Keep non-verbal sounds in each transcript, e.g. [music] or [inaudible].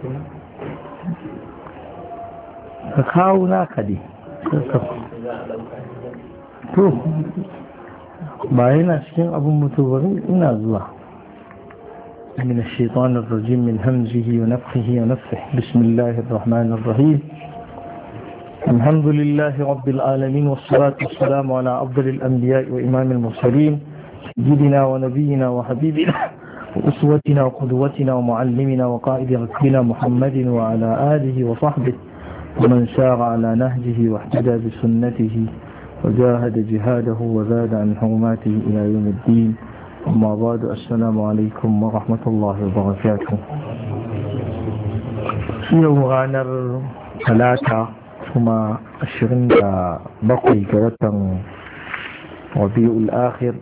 ka kawo naka dai to ba yana cikin abin mutu ba ina zuwa من الشيطان الرجيم من همزه ونفخه ونفخه بسم الله الرحمن الرحيم الحمد لله رب العالمين والصلاة والسلام على أفضل الأنبياء وإمام المرسلين سيدنا ونبينا وحبيبنا وأسوتنا وقدوتنا ومعلمنا وقائد ركبنا محمد وعلى آله وصحبه ومن سار على نهجه واحتدى بسنته وجاهد جهاده وزاد عن حرماته إلى يوم الدين أما بعد السلام عليكم ورحمة الله وبركاته يوم غانر ثلاثة ثم أشرين بقي جوة ربيع الآخر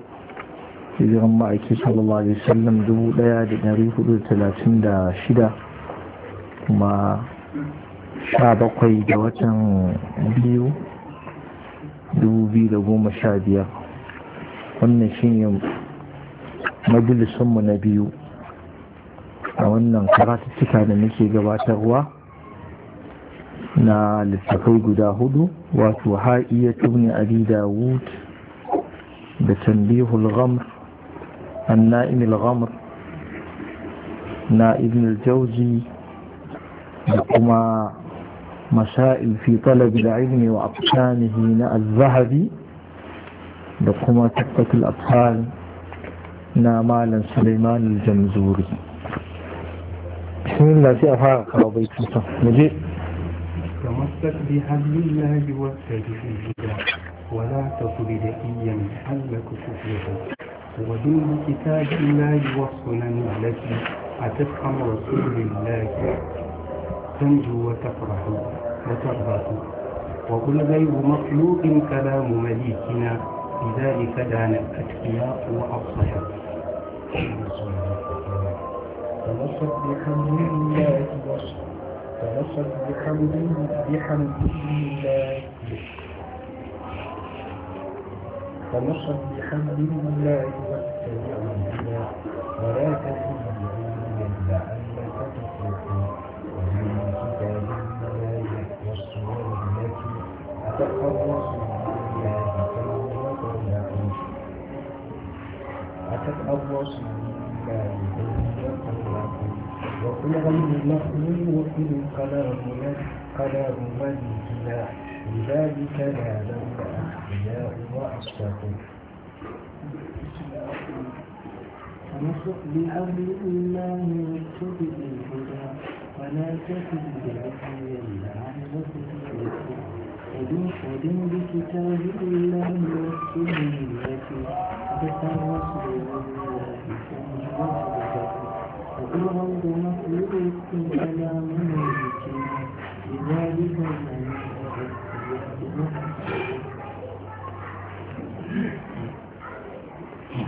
hijiran ma'aiki sallallahu alaihi wasallam shida, kuma bakwai da watan biyu biyar, wannan shine majalisunmu na biyu a wannan karatuttuka da muke gabatarwa na littattafai guda hudu wato ha'iyyatu ibn abi dawud da tanbihul ghamr النائم الغمر نائم الجوز الجوزي وما مسائل في طلب العلم وأقسامه ناء الذهبي لكما تقة الأطفال نا مالا سليمان الجمزوري بسم الله في أفاق رضيت نجي تمسك بحل الله واتبع الهدى ولا تصل أيا حل كفوفها ومن كتاب الله والسنن التي أتفهم رسول الله تنجو وتفرح وترضى وقل غير مخلوق كلام مليكنا لذلك دان الأتقياء وأفصح فنصت بحمد الله وصف فنصت بحمد بحمد الله فبشر بحمد الله لا يوسع إلا ولا تزيد إلا أنك تفلح ومن كتاب الملائكة والصور التي أتقرص بها بكلمة لكم أتقرص بها بكلمة لكم وقل غير مخلوق القلم ملك لذلك نادوا الأنبياء وأصبحوا ونصح بأمر الله واتبع الهدى ولا تكن بعدي لعلك تفلح ودم بكتاب الله والسنة التي ذكر رسول الله ثم وحدته وبالغض مخلوق على ملكه لذلك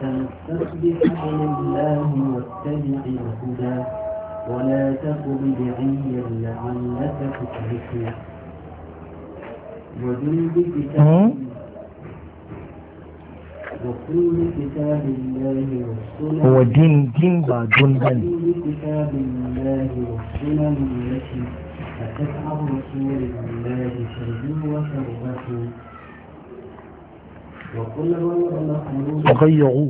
فاستسبح الله واتبع الهدى ولا تك بدعيا لعلك تفلح وذل بكتاب وكل بكتاب الله والسنن هو دين دين با دون بكتاب الله والسنن التي أتت عن رسول الله شربا وشربته وغيروا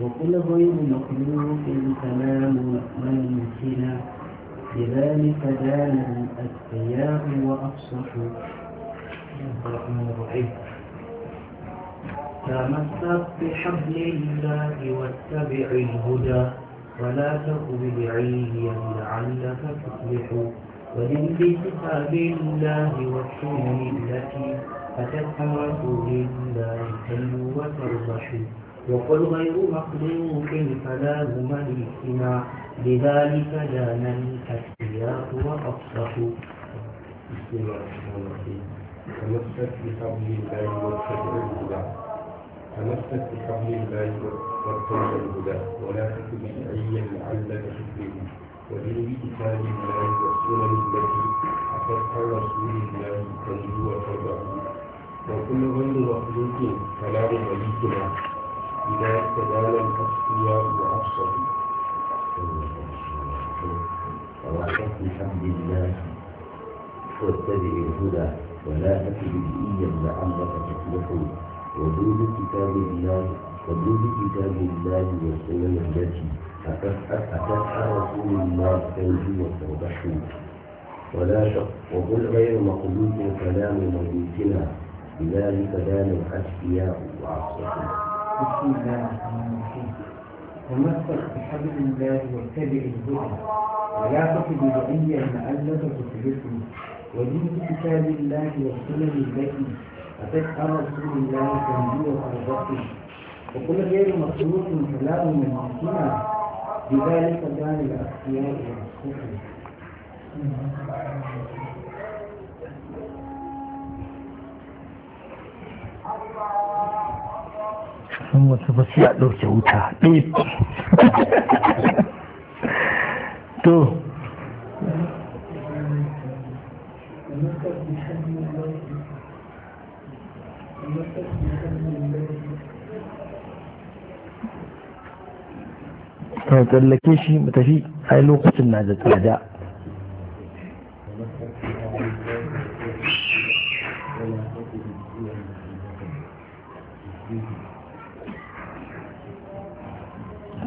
وكل غير مخلوق كلام من كلا بذلك دان الأتقياء وافصحوا تمسك بحبل الله واتبع الهدى ولا تك بدعيا لعلك تصلح ودن بكتاب الله والسنن التي فتذكرة لله كي وتربحوا وقل غير مخلوق فلا مليكنا لذلك دانا الأشياء وأفصحوا بسم الله الرحمن الرحيم تمسك بحبل الله واتبع الهدى تمسك بحبل الله واتبع الهدى ولا تكن شيئا لعلك تفلح ودن بكتاب الله والسنن التي أخذت رسول الله تنجو وتربح وكل غير مخلوق كلام مليكنا إذا استدان الأصفياء وأبصر وحسب بحمد الله واتبع الهدى ولا تكن بدئيا لعلك تفلح وجود كتاب الله وجود كتاب الله والسنن التي أتتها رسول الله تنجو وتوضح ولا شك وقل غير مخلوق كلام مليكنا بذلك دان الأشقياء وأفسقوا بسم الله الرحمن الرحيم تمسك بحبل الله واتبع الهدى ولا تطب بعيا مألفة تفلسني ودين كتاب الله والسنن التي أتت أمر رسول الله تنبيه فرضته وكل غير مخلوق كلام من معصمة بذلك دان الأشقياء وأفسقوا sun wasu ba su ya ɗauke wuta [laughs] tsallake shi mu tafi yi lokacin na da tsada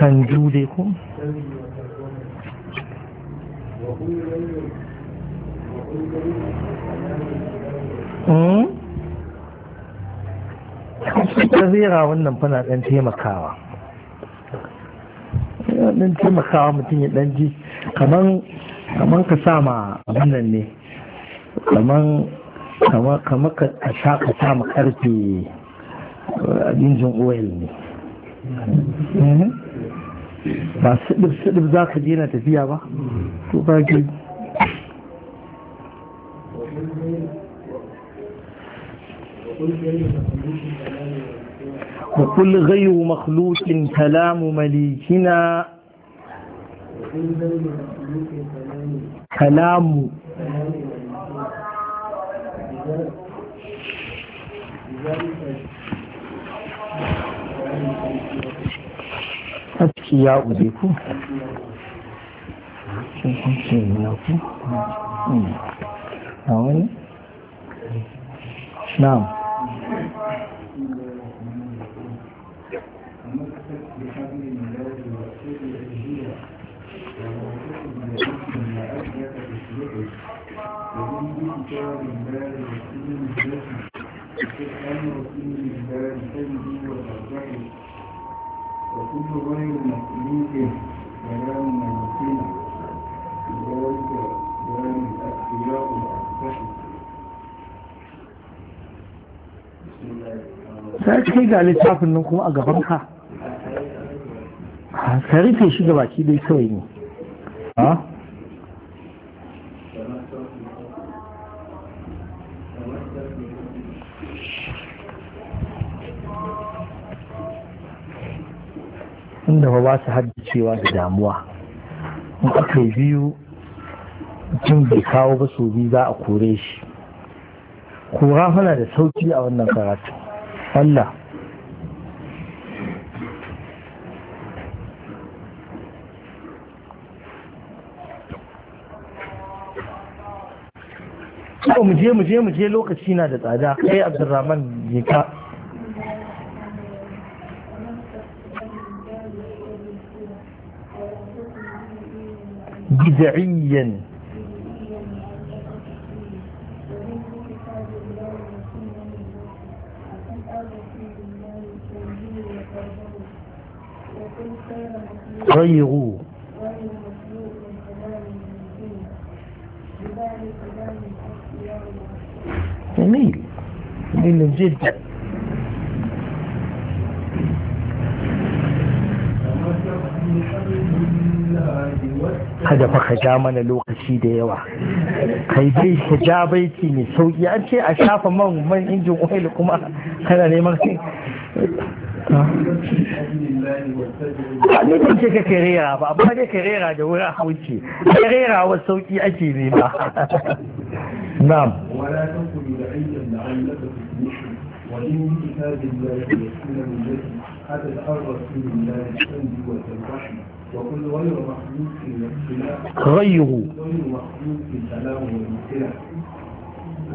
sanju dai ko tsazira hmm? wannan fana ɗan taimakawa ɗan taimakawa mutum ya ɗan ji kaman ka ma wannan ne kaman kama kama ka sha ka sa ma karfe injin oil ne ba sidir za ka dina tafiya ba to ba ke وقل غير مخلوق كلام مليكنا كلام aski ya uje ku ce ya ku na wani na'am sai kai ga littafin nan kuma a gaban ka ka rufe shi ga baki dai kawai ne inda ba ba su haddacewa da damuwa in aka yi biyu jin bai kawo ba su biyu za a kore shi kura fana da sauki a wannan karatu sallah ko mu je mu je mu je lokaci na da tsada kai abdurrahman je ka bid'iyyan غيروا جميل جميل جدا kada fa ka ja mana lokaci da yawa kai dai ka ja baiti mai sauki an ce a shafa man man injin oil kuma kana neman sai Nufin ce ka kerera ba, ba dai kerera da wurin hauce, kerera wa sauƙi ake nema. Na'am. ودين وكل غير مخلوق خلاف غيره غير مخلوق كلامه الخلاف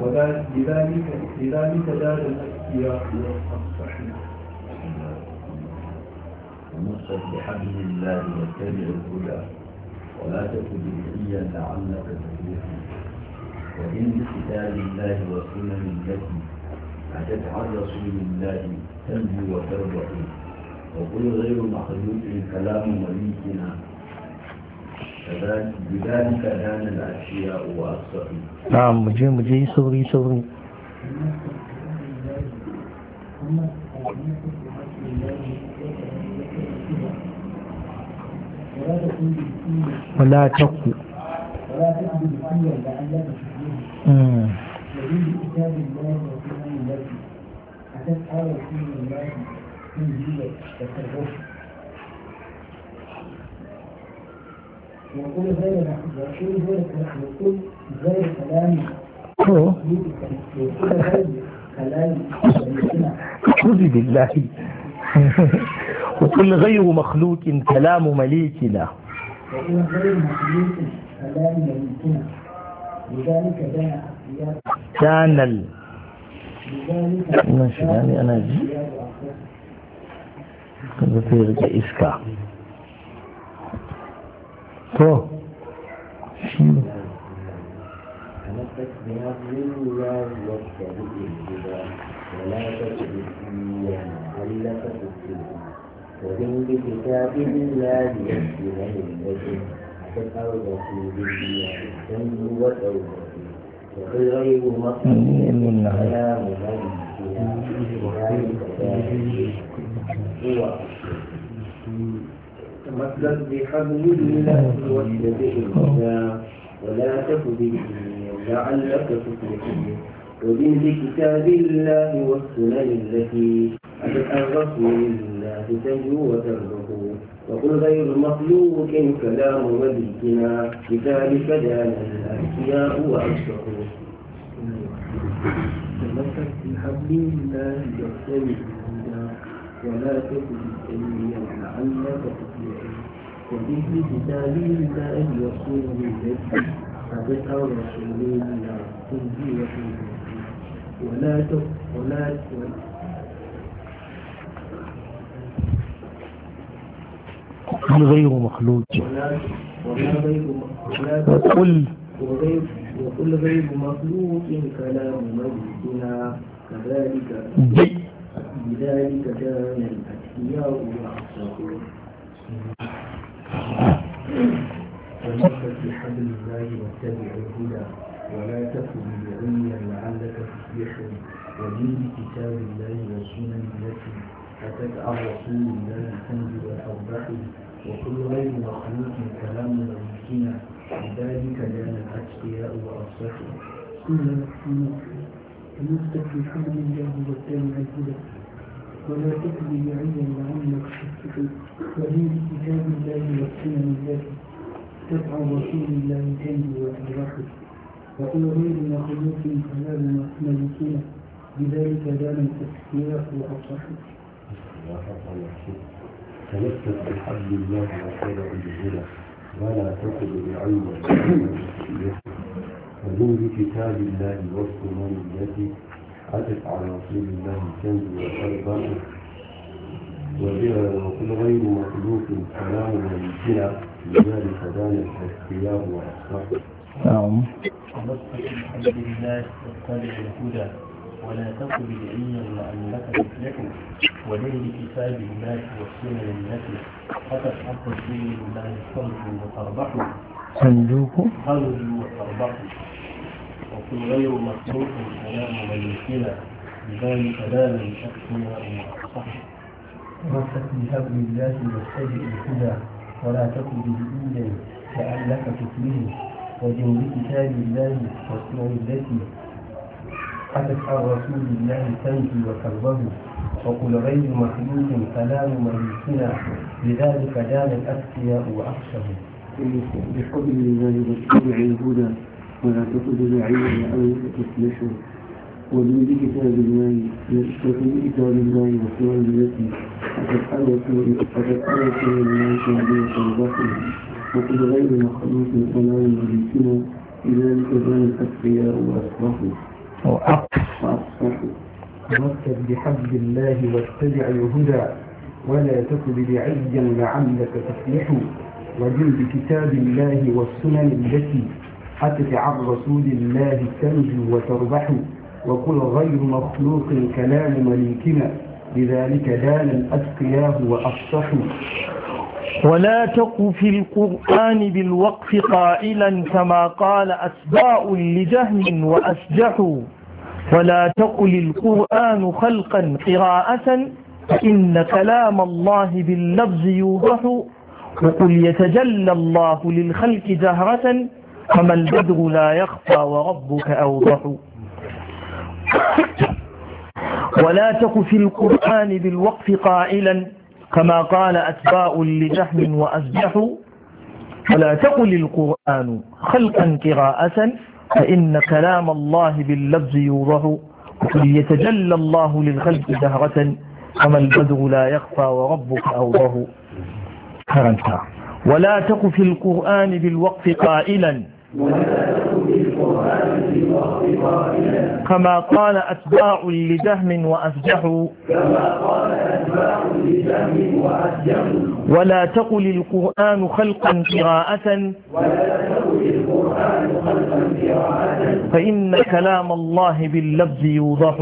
ولذلك لذلك دار الأشياء والصحيح ونصر بحبل الله واتبع الهدى ولا تكن بدعيا لعلك تفلح وإن بكتاب الله وسنن التي أتت عن رسول الله تنجو وتربح وكل غير مخلوق كلام مليكنا بذلك دان الأشياء وأصفهم نعم مجي مجي صغري صغري ولا تقل ولا تقل بسيئا لأنك تشبهه وفي كتاب الله وفي أن الله أتت آية من يقول غير الكلام بالله وكل غير مخلوق كلام مليكنا وكل غير مخلوق كلام مليكنا لذلك جاء كان ال ماشي يعني أنا جيت kaga sai rike iska to shi ومن بكتاب الله يسجد للوجه حتى الأرض في ذكرها الذنب وتوبته وغيره مقصود فلا مبين فيها ذلك ذلك هو تمسك بحبل الله واشد به الهدى ولا تك لعلك تفلح وبن كتاب الله والسنن التي أتت عن رسول الله تنجو وتربه وقل غير مخلوق كلام نبينا بذلك دان الأشياء وأشركوا تمسك بحبل الله والسنن ولا تكن إني لعلك تفلح وبه كتابي الله يصوم بالذكر فبدع رسولي لا تنجي وحيدا ولا تكن ولا هل غير مخلوق ولا غير مخلوق وقل غير مخلوق كلام مجدنا كذلك بذلك كان الأتقياء والأصدقون فلنصر بحبل الله واتبع الهدى ولا تكن بعليا لعلك تصبح ودين كتاب الله والسنن التي أتت عن رسول الله تنزل الأرباح وكل غير مخلوق كلام ممكنا لذلك كان الأتقياء والأصدقون كل مخلوق بحبل الله واتبع الهدى ولا تكذب بعيدا لعلك تتقي وهي كتاب الله والسنن التي تبع رسول الله تنجو وتراحل وقل غير مخلوق كلام ملكنا بذلك دام التسكير وأصحك تمسك بحبل الله وخير الهدى ولا تكن بعلم وجود كتاب الله والسنن التي أتت على رسول الله الكنز والخير وبها وكل غير مخلوق سلام والجنى لذلك دان الاختيار والأصلاح نعم الحمد لله والصالح الهدى ولا تقل بدعيا لأنك تفلح ولي بكتاب الله والسنن التي قد حق الدين الله يصلح وتربحوا صندوق صلوا وتربحوا وكن غير مخلوق كلام ميتنا بذلك دام شخصنا وأصح وفق بحبل الله مستجئ الهدى ولا تكن بدئيا لعلك تفلح وجن بكتاب الله واصنع التي أتت عن رسول الله تنجي وكربه وقل غير مخلوق كلام مليكنا لذلك دام الأتقياء وأخشه بحب الله واتبع الهدى ولا تطلب عيني أو تصلحه ومن بكتاب الله ومن بكتاب الله وسوى التي أتسألك أتسألك الناس الله شهادة البحر وقل غير مخلوق ولا يملكنا لذلك كان الأتقياء وأصبحوا وأصبحوا واتب بحبل الله واتبع الهدى ولا تكن بدعيا لعلك تفلح وجل بكتاب الله والسنن التي حدث عن رسول الله تنجو وتربح وكل غير مخلوق كلام مليكنا لذلك دان اتقياه وأفصحوا ولا تق في القرآن بالوقف قائلا كما قال أسباء لجهم وأسجحوا ولا تقل القرآن خلقا قراءة إن كلام الله باللفظ يوضح وقل يتجلى الله للخلق جهرة فما البدر لا يخفى وربك أوضح ولا تك في القرآن بالوقف قائلا كما قال أتباء لجهم وأزجح ولا تقل القرآن خلقا قراءة فإن كلام الله باللفظ يوضح ليتجلى الله للخلق زهرة فما البدر لا يخفى وربك أوضح ولا تق في القرآن بالوقف قائلا كما قال أتباع لجهم وأفجحوا ولا تقل القرآن خلقا قراءة فإن كلام الله باللفظ يوضح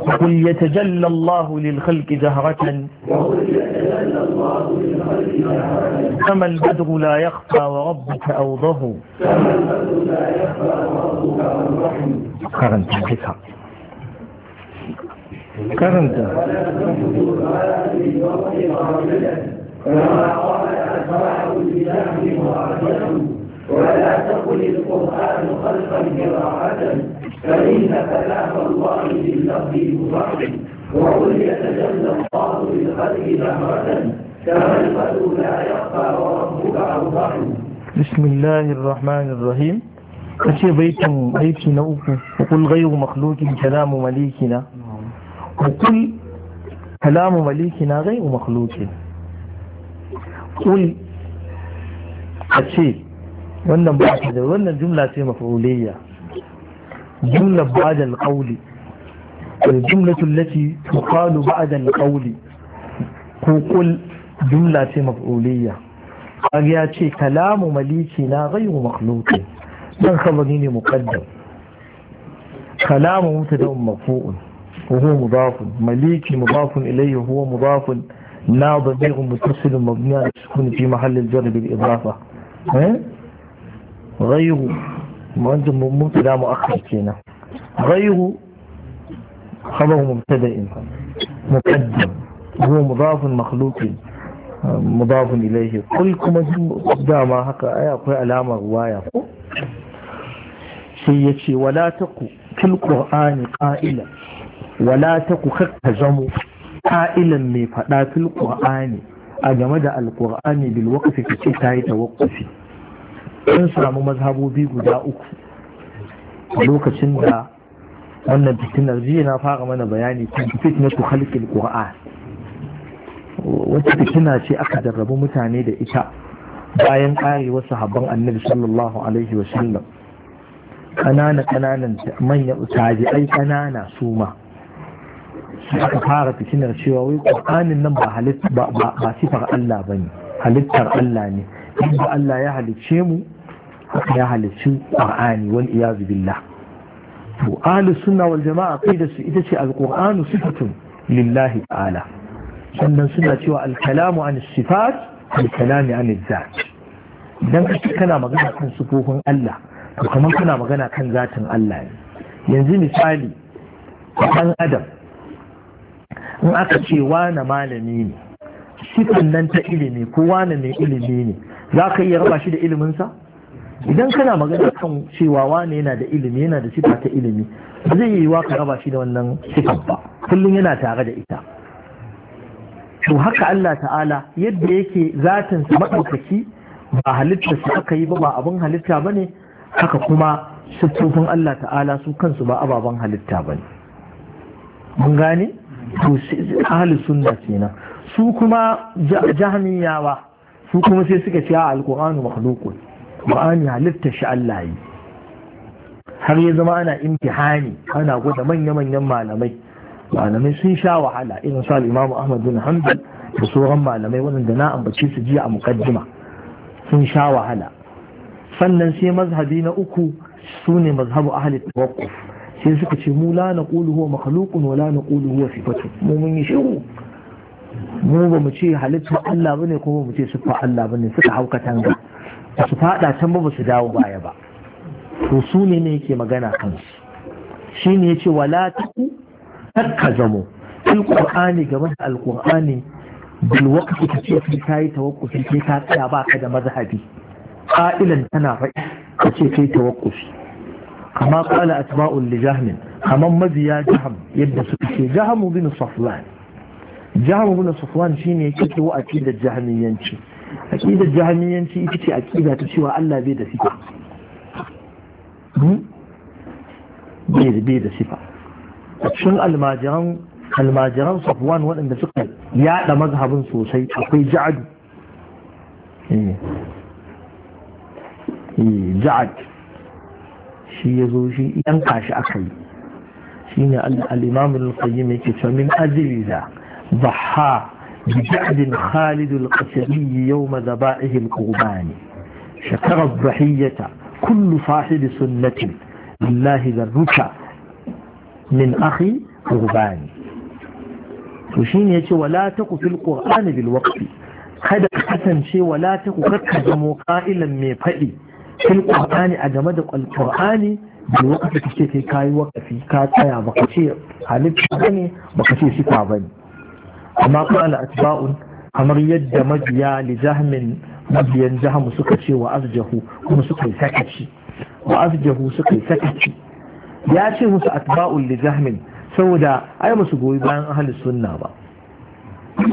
وقل يتجلى الله للخلق جهرة كما البدر لا يخفى وربك أوضه karanta duka karanta ولا تقل القرآن خلفا براعة فإن كلام الله باللفظ مفرد وقل يتجلى الله للخلق زهرة بسم الله الرحمن الرحيم kace baitin baiti na uku kul ghayru makhluqin kalamu malikina malikina ghayru makhluqin kul wannan ba ta da wannan jumla ce maf'uliyya jumla ba'da al-qawli wal jumla ce mafuliya an ya ce kalamu maliki na ghairu makhluqin dan khabari ne muqaddam kalamu mutadawwim mafuun huwa mudafun maliki mudafun ilayhi huwa mudafun na dhabiru mutasil mabni ala sukun fi mahall al jar bil idafa eh? ghairu mudda mutada muakhar kenan ghairu khabaru mubtada'in muqaddam هو مضاف مخلوق mudafun ilaihi kul kuma dama haka ai akwai alamar waya ko sai ya ce wala taku fil qur'ani qa'ila wala taku ka zamo qa'ilan mai fada fil qur'ani a game da alqur'ani bil waqfi kace tayi tawaqqufi sun samu mazhabobi guda uku lokacin da wannan fitinar jiya na fara mana bayani kan fitnatu khalqil qur'an wata fitina ce aka jarrabu mutane da ita bayan wasu habban annabi sallallahu alaihi wa sallam ƙanana ƙananan manya ai ƙanana su ma aka fara fitinar cewa wai ƙur'anin nan ba ba sifar Allah ne halittar Allah ne inda Allah ya halicce mu haka ya halicci ƙur'ani wal iyazu billah to ahlus sunna wal jama'a kai da su ita ce alqur'anu sifatun lillahi ta'ala sannan suna cewa alkalamu an sifat alkalami an izzat idan ce kana magana kan sifofin Allah to kamar kana magana kan zatin Allah ne yanzu misali ɗan adam in aka ce wane malami ne sifan nan ta ilimi ko wane mai ilimi ne za ka iya raba shi da iliminsa idan kana magana kan cewa wane yana da ilimi yana da sifa ta ilimi ba zai yi wa ka raba shi da wannan sifan ba kullum yana tare da ita to haka Allah ta'ala yadda yake zatin sa ba halitta su aka yi ba ba abin halitta bane haka kuma siffofin Allah ta'ala su kansu ba ababen halitta bane mun gane to ahli sunna kenan su kuma jahmiyawa su kuma sai suka ce alqur'anu makhluqun qur'ani halitta shi Allah yi har ya zama ana imtihani ana gwada manya-manyan malamai malamai sun sha wahala irin sa imamu ahmad bin hanbal da sauran malamai waɗanda na ambace su jiya a mukaddima sun sha wahala sannan sai mazhabi na uku su ne mazhabu ahli tawakkuf sai suka ce mu la naqulu huwa makhluqun wa la naqulu huwa sifatu, mu mun yi shiru mu ba mu ce halittu Allah bane ko ba mu ce sifa Allah bane suka hauka tanga su fada can ba su dawo baya ba to su ne ne yake magana kansu shine yace wala taku ka zamo fil qur'ani game da alqur'ani bil waqti kace kai kai tawakkufi kai ka tsaya ka da mazhabi qa'ilan tana faɗi kace kai tawakkufi kama qala atba'ul li jahm kaman maziya jaham yadda suka ce jaham bin safwan jaham bin safwan shine yake ce wa aqidar jahmiyanci aqidar jahmiyanci ita ce aqida ta cewa Allah bai da sifa bai da sifa cikin almajiran almajiran safwan waɗanda suka yaɗa mazhabin sosai akwai ja'ad eh. Eh, ja'ad shi ya zo shi yan kashi aka yi shi ne al’imam al-qayyim mai ke cewa min ajiyar da zaha bi ja'adin khalidul qasiri yau mazaba'ihin kogani shekarar zahiyyata kullu fahidi sunnatin lillahi da ruca. min akhi qurbani to shine yace wala ku fil qur'ani bil kada ka kasance wala ku kakka zamo qa'ilan mai faɗi. fil qur'ani a game da qur'ani bil waqti ce kai kai waqafi ka tsaya baka ce halitta bane baka ce sifa bane amma qala atba'un kamar yadda mabiya li mabiyan jahamu suka ce wa azjahu kuma suka yi sakaci wa azjahu suka yi sakaci ya ce musu atba'ul li jahmin saboda ai musu goyi bayan ahli sunna ba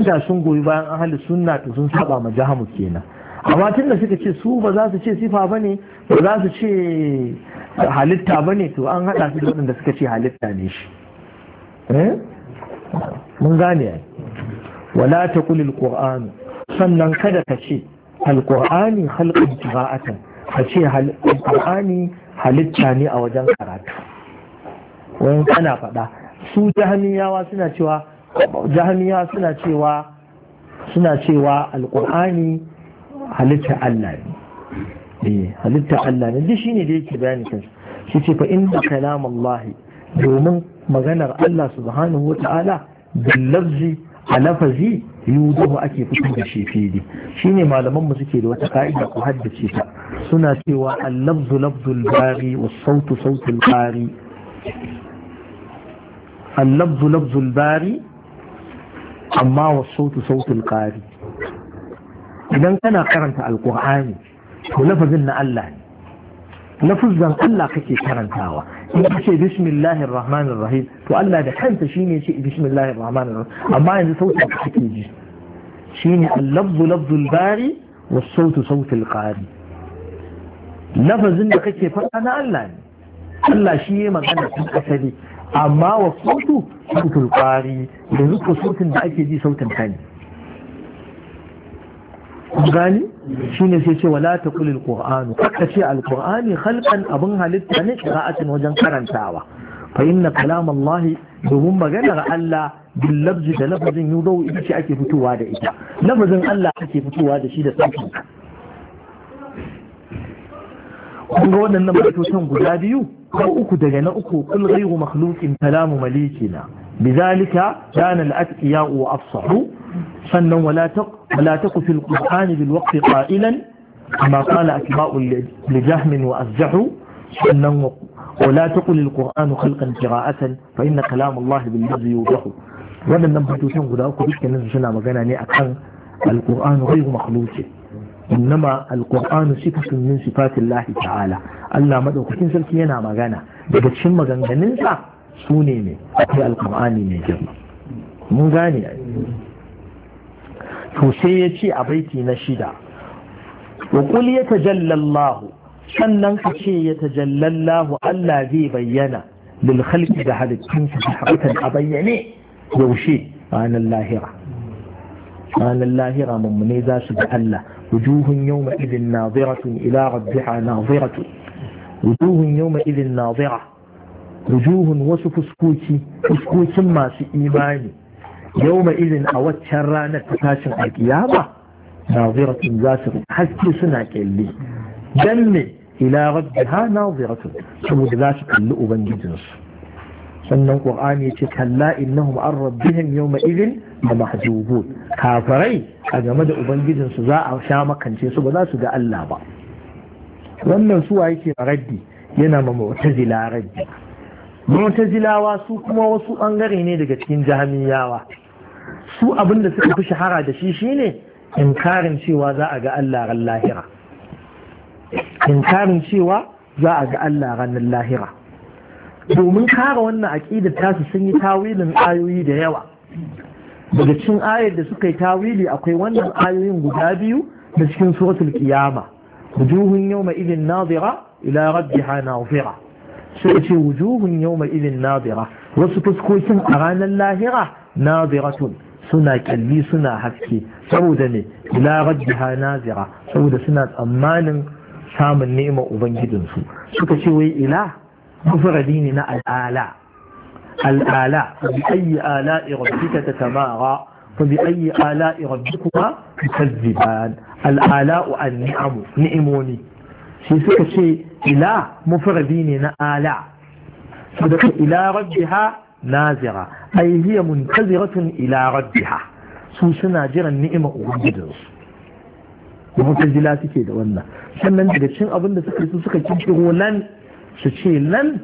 da sun goyi bayan ahli sunna to sun saba ma jahamu kenan amma tun da suka ce su ba za su ce sifa ba ne ba za su ce halitta ba ne to an haɗa su da waɗanda suka ce halitta ne shi eh? mun gane ai wala ta kulil qur'an sannan kada ka ce alqur'ani khalqan qira'atan ka ce alqur'ani halitta ne a wajen karatu wani kana faɗa su jahamiyawa suna cewa jahamiyawa suna cewa suna cewa alƙur'ani halitta Allah ne eh, halitta Allah ne duk shine da yake bayani kansa shi ce fa inna kalamallahi domin maganar Allah subhanahu wata'ala bil lafzi a yudahu ake fitar da shi fili shine malaman mu suke da wata ka'ida ko haddace ta suna cewa al-lafzu lafzul bari was sautu sautul bari اللفظ لفظ الباري أما والصوت صوت القاري إذا كان قرنت القرآن ولفظ إن الله لفظ الله كي قرنتها in ka ce bismillahir rahmanir rahim to Allah da kanta shine ce bismillahir rahmanir amma yanzu sautin da kake ji shine al-lafzu lafzul bari was sautu sautul lafazin da kake faɗa na Allah ne Allah shi ya magana tun asali amma wa sautu sautul ƙwari da ko sautin da ake ji sautin kani. gani shine sai ce wala ta kulil alqur'anu kaka ce alqur'ani khalqan abun halitta ne qira'atin wajen karantawa fa inna kalam Allah domin maganar Allah bil labzi da lafazin yudau ita ce ake fitowa da ita lafazin Allah ake fitowa da shi da sautin kun ga waɗannan batutan guda biyu uku daga na uku kul ghayru makhluqin kalamu malikina bidhalika kana al-atqiya wa afsahu sannan wala taq wala taq fil qur'an bil waqt qailan kama qala atba'u li jahm wa azzahu sannan wala taq lil qur'an khalqan qira'atan fa inna kalam allah bil ladzi yuqahu wannan batutun guda uku dukkanin suna magana ne akan al-qur'an ghayru makhluqin إنما القرآن صفة من صفات الله تعالى الله مدعوك تنسل كينا مغانا daga cikin maganganunsa su ne ne akwai alkur'ani mai girma mun gane to ya ce a baiti na shida wa qul yatajallallahu sannan ka ce yatajallallahu Allah zai bayyana lil khalqi da halittun sa hakatan a bayyane yaushe ranar lahira ranar lahira mummune zasu su Allah وجوه يومئذ ناظرة إلى ربها ناظرة وجوه يومئذ ناظرة وجوه وصف سكوتي سكوت ما في إيماني يومئذ أوت شرانا تتاشن القيامة ناظرة ذات حسكي سنة كلي دمي إلى ربها ناظرة سمو ذات كله أبنجي جنس سنة القرآن يتكلا إنهم عن ربهم يومئذ da mahjubun kafirai a game da ubangijinsu za a sha makance su ba za su ga Allah ba wannan suwa yake raddi yana ma mu'tazila raddi mu'tazilawa su kuma wasu bangare ne daga cikin jahamiyawa su abinda suka fi shahara da shi shine inkarin cewa za a ga Allah ran lahira inkarin cewa za a ga Allah ranar lahira domin kare wannan aƙidar tasu sun yi tawilin ayoyi da yawa daga cikin ayar da suka yi tawili akwai wannan ayoyin guda biyu da cikin suratul qiyama wujuhun yawma idin nadira ila rabbiha nadira sai ce wujuhun yawma idin nazira wasu fuskokin a ranar lahira nadiratun suna kyalli suna haske saboda ne ila rabbiha nadira saboda suna tsammanin samun ni'imar ubangijinsu suka ce wai ila mufradi ne na al'ala الآلاء فبأي آلاء ربك تتمارى فبأي آلاء ربكما تكذبان الآلاء النعم نعموني shi suka ce ila mufardi ne na ala daga ila rabbiha nazira ai hiya muntaziratun ila rabbiha su suna jiran ni'ima ubangijinsu mutajila suke da wannan sannan daga cin abin da suka su suka kirkiro nan su ce nan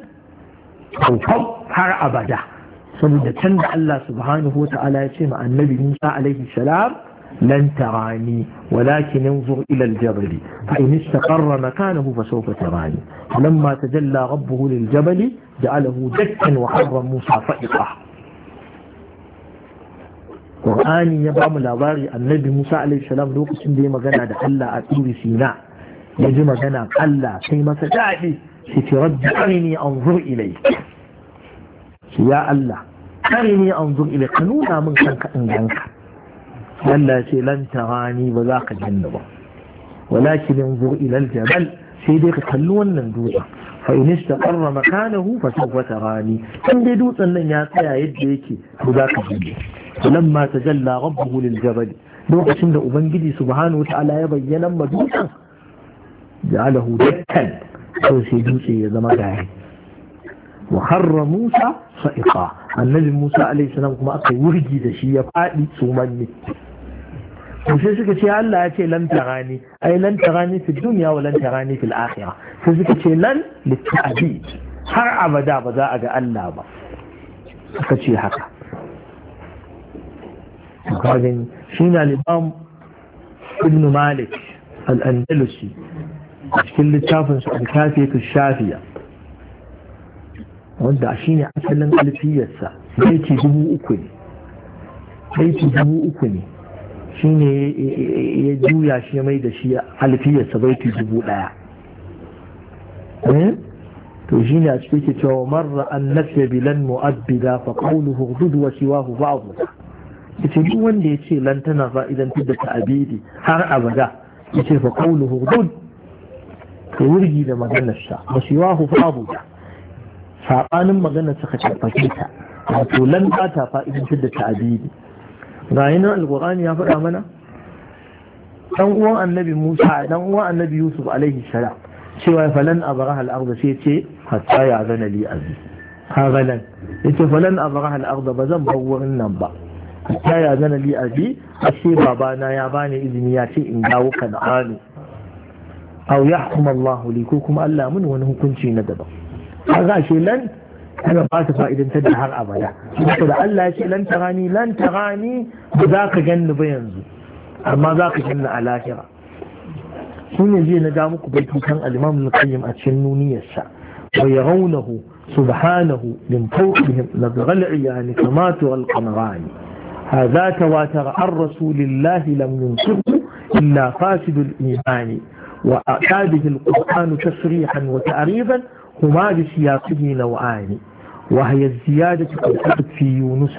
kaukau har abada saboda can da Allah subhanahu wa ta'ala ya ce ma annabi Musa alaihi salam lan tarani walakin انظر الى الجبل فان استقر مكانه فسوف تراني فلما تجلى ربه للجبل جعله دكا وحر موسى فائقه Qur'ani ya ba mu labari annabi Musa alaihi salam lokacin da ya magana da Allah a Turi Sina ya ji magana Allah sai masa daɗi shi ce rabbi arini anzur ilai ya Allah arini anzur ilai ka nuna min kanka in ganka Allah ce lan tarani ba za ka ganni ba walakin anzur ila aljabal sai dai ka kalli wannan dutsen fa in istaqarra makanahu fa sawfa tarani in dai dutsen nan ya tsaya yadda yake to za ka ganni lamma tajalla rabbuhu liljabal lokacin da ubangiji subhanahu wa ta'ala ya bayyana ma dutsen ja'alahu dakkan so sai dutse ya zama gari wa harra musa sa'iqa annabi musa alaihi salam kuma aka wurgi da shi ya faɗi tsumanni to sai suka ce Allah ya ce lan tarani ai lan tarani fi dunya wa lan tarani fil akhirah sai suka ce lan litabid har abada ba za a ga Allah ba suka ce haka kagin shi na limam ibn malik al-andalusi a cikin littafin su shafiya wanda shine asalin alfiyarsa baiti dubu uku ne baiti dubu uku ne Shi ne ya juya shi mai da shi alfiyarsa baiti dubu daya eh? to shi ne a cikin ke cewa marra an nafiya bilan mu'abbida fa qawluhu hudud wa siwahu ba'dhu yace duk wanda yace lan tana fa'idan da ta'abidi har abada ce fa qawluhu hudud suka wurgi da maganarsa ba su wahu babu saɓanin maganar suka tabbake ta wato lan ba ta fa'idantar da ta'abidi ga yi nan ya faɗa mana dan uwan annabi Musa dan uwan annabi Yusuf alaihi salam cewa falan abraha al-ardh sai ce hatta ya zana li azi hagalan yace falan abraha al ba zan bar wurin nan ba hatta ya zana li azi ashe babana ya bani izini ya ce in dawo kan'anu أو يحكم الله لكوكم ألا من وأنه كنت ندبا هذا شيء لن أنا بات فائدة تدعى الأبدا هذا ألا شيء لن تغاني لن تغاني بذاك جن ينزو أما ذاك جن على شراء هنا زي ندامك بيت كان الإمام القيم أتشنوني السا ويرونه سبحانه من فوقهم لبغل العيان كما ترى القمران هذا تواتر عن رسول الله لم ينصبه إلا فاسد الإيمان وأعاده القرآن تشريحا وتعريبا هما بسياقه نوعان وهي الزيادة الأخذ في يونس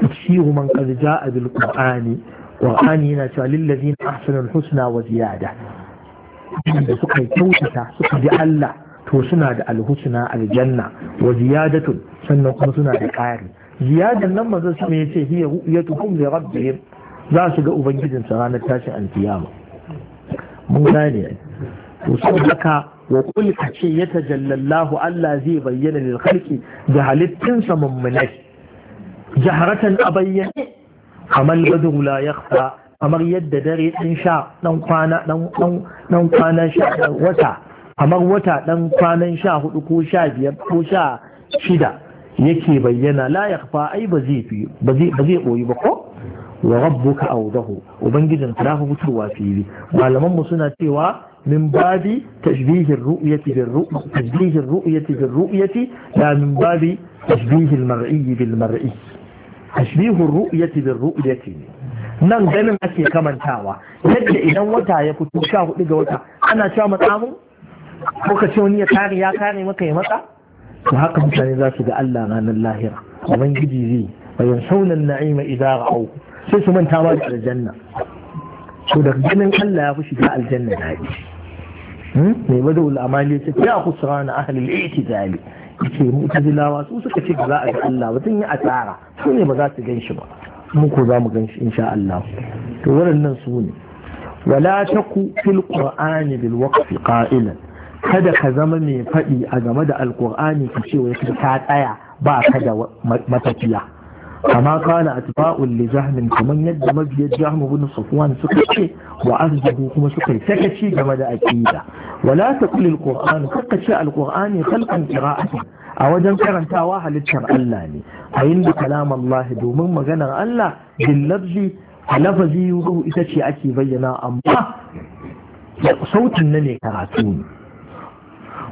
تفسير من قد جاء بالقرآن قرآن هنا للذين أحسنوا الحسنى وزيادة سكي توتسا سكي الله توسنا دا الحسنى الجنة وزيادة سنة قمسنا دا قاري زيادة لما تسمي هي رؤيتكم لربهم ذا سجأ بنجد سرانة تاشع القيامة mun gane to saboda wa kul ka ce ya tajallallahu Allah zai bayyana lil khalqi da halittinsa mummunai jaharatan a bayyane kamar badu la yakhfa kamar yadda dare din sha dan kwana dan dan kwana sha wata kamar wata dan kwanan sha hudu ko sha biyar ko sha shida yake bayyana la yakhfa ai ba zai fi ba zai ba zai boyi ba ko wa rabbuka awdahu ubangijin ka fitowa fili malaman mu suna cewa min babi tashbihin ru'yati bil ru'yati tashbihin ru'yati bil ru'yati la min babi tashbihin mar'i bil mar'i tashbihin ru'yati bil ru'yati nan ganin ake kamantawa yadda idan wata ya fito sha hudu ga wata ana cewa matsamin ko ka ce wani ya kare ya kare maka ya matsa to haka mutane za su ga Allah ranar lahira ubangiji zai bayan saunan na'ima idan ra'au sai su manta ma da aljanna to da ganin Allah ya fi shiga aljanna da haɗi hmm? mai bada ul'amali ya ce ya kusura na ahalil itizali ce mutazilawa su suka ce ba za a ga Allah ba sun yi asara su ne ba za su gan shi ba mu ko za mu gan shi insha Allah to waɗannan su ne wala taku fil qur'ani bil waqfi qa'ilan kada ka zama mai faɗi a game da alkur'ani ka ce wai ta tsaya ba ka da matafiya kama kana atba'un li jahmin kamar yadda mabiyar jahm ibn safwan suka ce wa azdahu kuma suka yi ci game da aƙida wala taqul alquran kaka ce alqurani khalqan qira'atan a wajen karantawa halittar Allah ne a inda kalam Allah domin maganar Allah bil lafzi lafazi ita ce ake bayyana amma sautin na ne karatu ne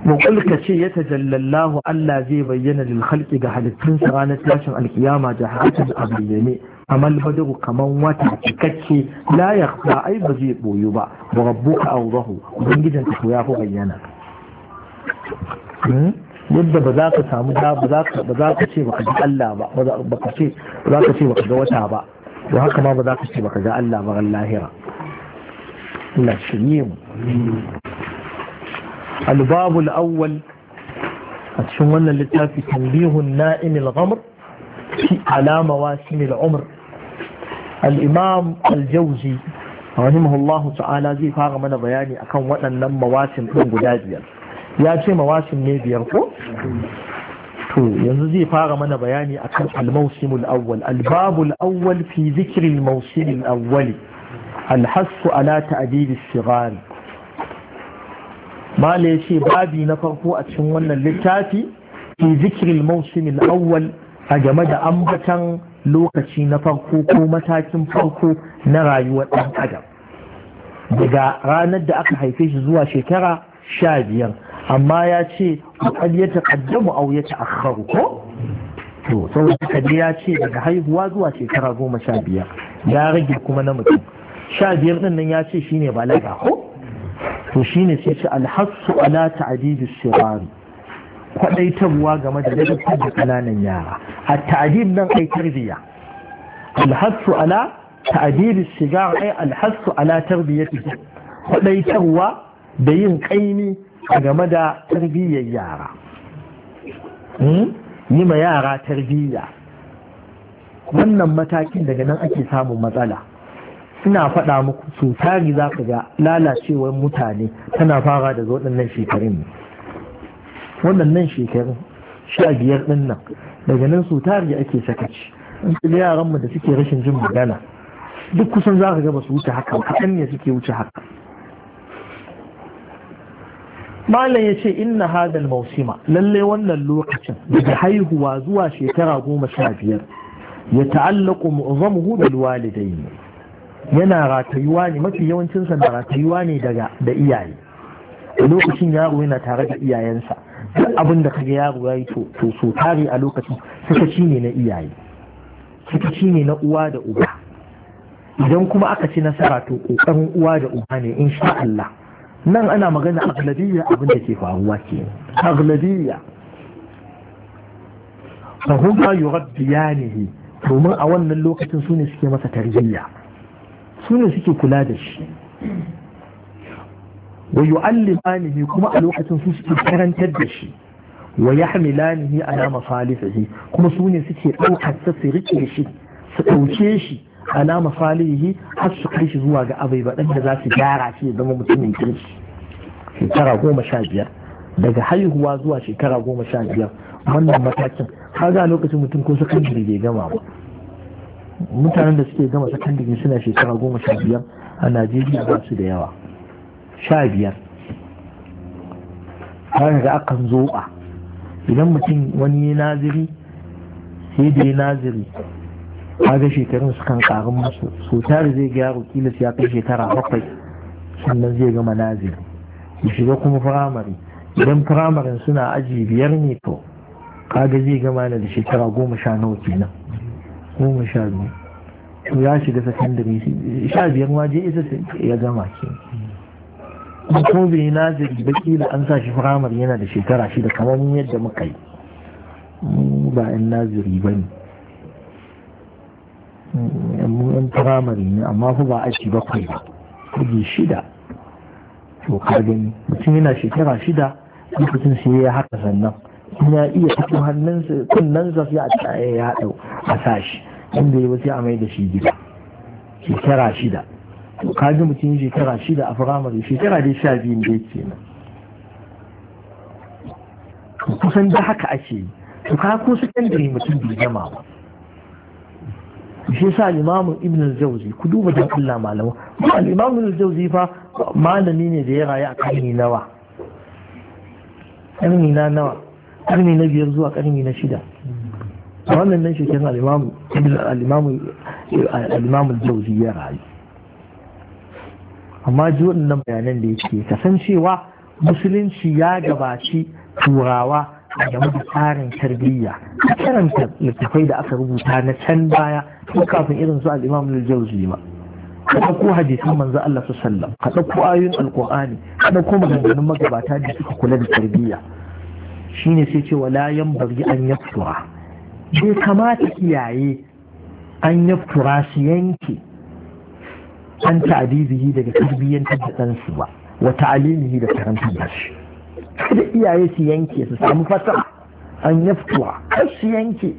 mukul ka ce ya tajallallahu Allah zai bayyana lil ga halittun sa ranar tashin alkiyama jihar hatin abiyane amal badru kaman wata cikakke la yakhfa ai ba zai boyu ba wa rabbuka awrahu ubangijin ka ya fi bayyana hmm? yadda ba za ka samu da ba za ka ce ba ka ji Allah ba za ka ce ba ka ga wata ba ba ka ce ba ka ga Allah lahira Allah shirye الباب الأول أتشون في تنبيه النائم الغمر على مواسم العمر الإمام الجوزي رحمه الله تعالى زي فاغ من بياني أكون وأن مواسم من قدازيا يا شيء مواسم نبي يرقو to yanzu zai fara mana bayani akan al-mawsimul awwal al-babul awwal fi dhikri al-mawsim mala ya ce babi na farko a cikin wannan littafi fi zikirin mausimin awwal a game da ambatan lokaci na farko ko matakin farko na rayuwar ɗan adam daga ranar da aka haife shi zuwa shekara sha biyar amma ya ce kan ya taƙaddamu au ya ta'akharu ko to saboda kaje ya ce daga haihuwa zuwa shekara goma sha biyar ya rage kuma na mutum sha biyar ɗin nan ya ce shine balaga ko to shi ne ce alhassu ala ta'didi sirari kwadaitarwa game da ladabtar da kananan yara a ta'dib nan ai tarbiya alhassu ala ta'didi sigar ai alhassu ala tarbiyati kwadaitarwa da yin kaimi a game da tarbiyyar yara hmm? yi ma yara tarbiyya wannan matakin daga nan ake samun matsala ina faɗa muku su za ka ga lalacewar mutane tana fara da waɗannan shekarun waɗannan shekarun sha biyar ɗin nan daga nan su ake sakaci in su yaranmu da suke rashin jin magana duk kusan za ka ga su wuce haka kaɗan ne suke wuce haka malam ya ce inna hadal mausima lalle wannan lokacin daga haihuwa zuwa shekara goma sha biyar ya ta'allaku mu'azzamuhu bil walidaini yana ratayuwa ne mafi yawancinsa na ratayuwa ne daga da iyaye a lokacin yaro yana tare da iyayensa duk abin da kaga yaro ya yi to so tare a lokacin suka ci ne na iyaye suka ci ne na uwa da uba idan kuma aka ci nasara to kokarin uwa da uba ne sha Allah nan ana magana agladiyya abin da ke faruwa ke agladiyya fa huma yurabbiyanihi domin a wannan lokacin su ne suke masa tarbiyya su ne suke kula da shi wa yu'allimanihi kuma a lokacin su suke karantar da shi wa yahmilanihi ala masalihi kuma sune ne suke daukar sa su rike shi su dauke shi ala masalihi har su kai shi zuwa ga abai baɗan da za su gyara shi ya zama mutumin kirki shekara goma sha biyar daga haihuwa zuwa shekara goma sha biyar wannan matakin har ga lokacin mutum ko sakandare bai gama ba mutanen da suke gama sakandare suna shekara goma sha biyar a najeriya ba su da yawa sha biyar har da akan zoba idan mutum wani ya naziri sai da ya naziri kaga shekarun su kan karin musu so zai gyara kila kila ya kai shekara bakwai sannan zai gama naziri ya shiga kuma firamare idan firamare suna aji biyar ne to kaga zai gama da shekara goma sha nawa kenan goma sha biyu to ya shiga sakandare sha biyar ma je ita ya gama ke ko bai na zai baki da an sa shi firamar yana da shekara shida kamar yadda muka yi ba in naziri ba ne yan firamare ne amma ku ba aji bakwai ba kuji shida to ka gani mutum yana shekara shida lokacin sai ya haka sannan na iya fito hannunsa kunnan sai a tsaye ya ɗau a sashi inda ya sai a mai da shi gida shekara shida to kaji mutum shekara shida a firamare shekara dai sha biyu da yake nan kusan da haka ake yi to ka ko su dare mutum bai gama ba shi sa imamu ibn al-jawzi ku duba da Allah malamu al imamu ibn al-jawzi fa malami ne da ya rayu a karni nawa kan nawa karni na biyar zuwa karni na shida a wannan nan shekarun alimamun jauzi ya rayu amma ji waɗannan bayanan da yake kasancewa musulunci ya gabaci turawa a game da tsarin tarbiyya a karanta littattafai da aka rubuta na can baya ko kafin irin su al'imamun jauzi ma ka ɗauko hadisan manzo Allah sallam ka ɗauko ayoyin alƙur'ani ka ɗauko maganganun magabata da suka kula da tarbiyya shine sai ce wala bari an yaftura bai kamata iyaye an yaftura su yanke an yi daga tarbiyyantar da ɗansu ba wa ta'alimihi da karanta da shi kada iyaye su yanke su samu fata an yaftura kar su yanke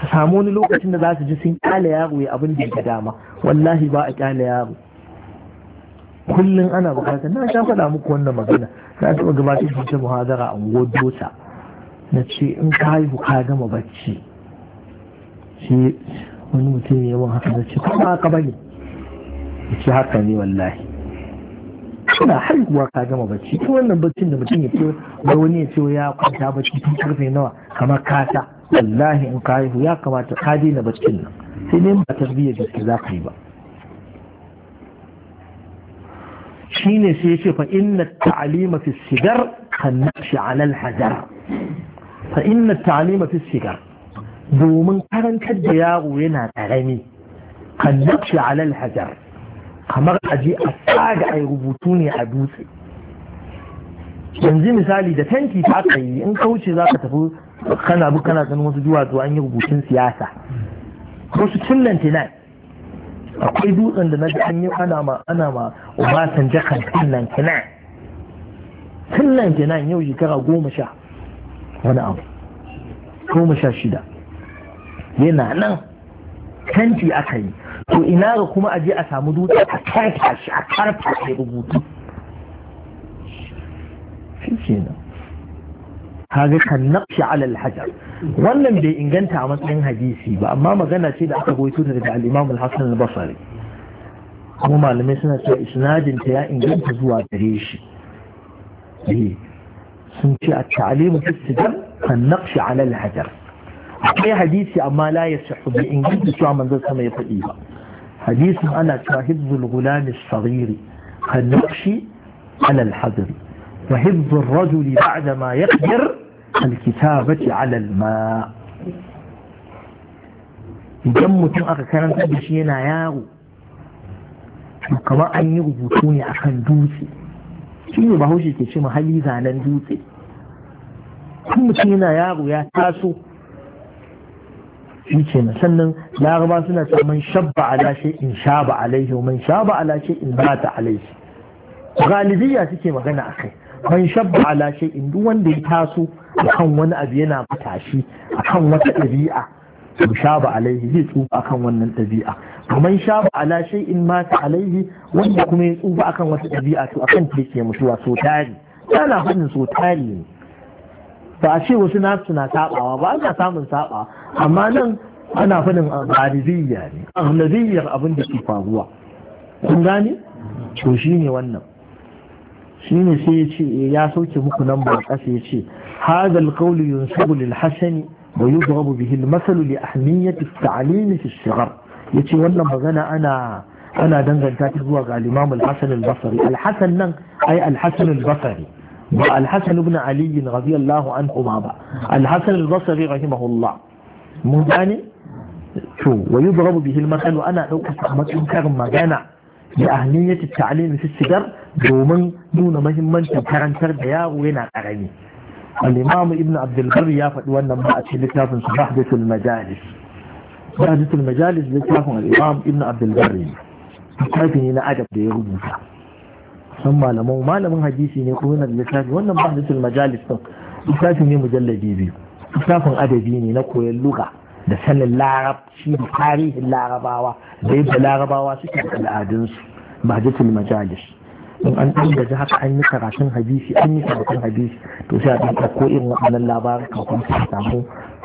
su samu wani lokacin da za su ji sun kyale yaro ya abin da ya dama wallahi ba a kyale yaro kullum ana bukatar na sha faɗa muku wannan magana na taɓa gabatar da ta muhadara a godota na ce in ka haihu ka gama bacci shi wani mutum ya yawan haka na ce kuma haka bane ya ce haka ne wallahi suna haihuwa ka gama bacci ta wannan baccin da mutum ya ce da wani ya ce ya kwanta bacci tun karfe nawa kamar kata wallahi in ka haihu ya kamata ka daina baccin nan sai ne ba tarbiyyar gaske za ka yi ba ne sai yace fa inna ta'lima fi sigar kan nashi ala hajar fa inna ta'lima fi sigar domin karantar da yaro yana karami kan nashi ala hajar kamar aje a tsaga ai rubutu ne a dutse yanzu misali da tanki ta aka yi in kauce za ka tafi kana bu kana ganin wasu duwatsu an yi rubutun siyasa wasu cin 99 akwai dutsen da na ji an yi ana ma ana ma ubasan jakan tunan kina tunan kina yau shekara goma sha wani abu goma sha shida yana nan kanti aka yi to ina ga kuma aje a samu dutse a karfa shi a karfa shi rubutu shi kenan kaga kan naqshi ala al-hajar wannan bai inganta a matsayin hadisi ba amma magana ce da aka goyito daga al-Imam al-Hasan al-Basri kuma malamai suna cewa isnadin ta ya inganta zuwa gare shi sun ce a ta'alimu fi sidan kan naqshi ala al-hajar akwai hadisi amma la yasihu bi inganta cewa manzon sama ya faɗi ba hadisin ana cewa hibzul gulam as kan naqshi ala al-hajar وحفظ الرجل بعدما يقدر الكتابة على الماء idan mutum aka karanta da shi yana yaro to kamar an yi rubutu ne kan dutse shi ne bahaushe ke ce mahalli zanen dutse tun mutum yana yaro ya taso shi ce sannan laraba suna saman man shabba ala in shaba alaihi man shaba ala in bata alaihi galibiyya suke magana akai man shabba ala shay'in duk wanda ya taso akan wani abu yana matashi akan wata ɗabi'a to shaba alaihi zai tsufa akan wannan ɗabi'a man shaba ala shay'in mata alaihi wanda kuma ya tsufa akan wata ɗabi'a to akan ta yake mutuwa so tari ana hannun so tari ne ba a ce wasu nasu na sabawa ba ana samun sabawa amma nan ana faɗin ghariziyya ne abin da ke faruwa kun gane to shine wannan shine sai ya ce eh, ya sauke muku nan ba ƙasa ya ce hadha alqawlu yunsabu lil hasan wa yudrabu bihi al-masal li ahmiyati at-ta'lim fi ash-shighar yace wannan magana ana ana danganta ta zuwa ga al-imam al-hasan al-basri al-hasan nan ai al-hasan al-basri ba al-hasan ibn ali radiyallahu anhu ba al-hasan al-basri rahimahullah mun gane to wa yudrabu bihi al-masal ana dauka matsayin karin magana da ahmiyati at-ta'lim fi ash-shighar domin nuna mahimmancin karantar da yaro yana karami al-imam ibn abdul ya faɗi wannan ba a cikin littafin su bahdatul majalis bahdatul majalis littafin al-imam ibn abdul barri littafi ne na adab da ya rubuta san malaman malamin hadisi ne kuma yana littafi wannan bahdatul majalis din Littafin ne mujalladi biyu littafin adabi ne na koyon lugha da sanin larabci da tarihin larabawa da yadda larabawa suke da al'adunsu bahdatul majalis in an ɗan da haka an yi karatun hadisi an yi karatun hadisi to sai a ɗan ɗauko irin waɗannan labarin kafin su samu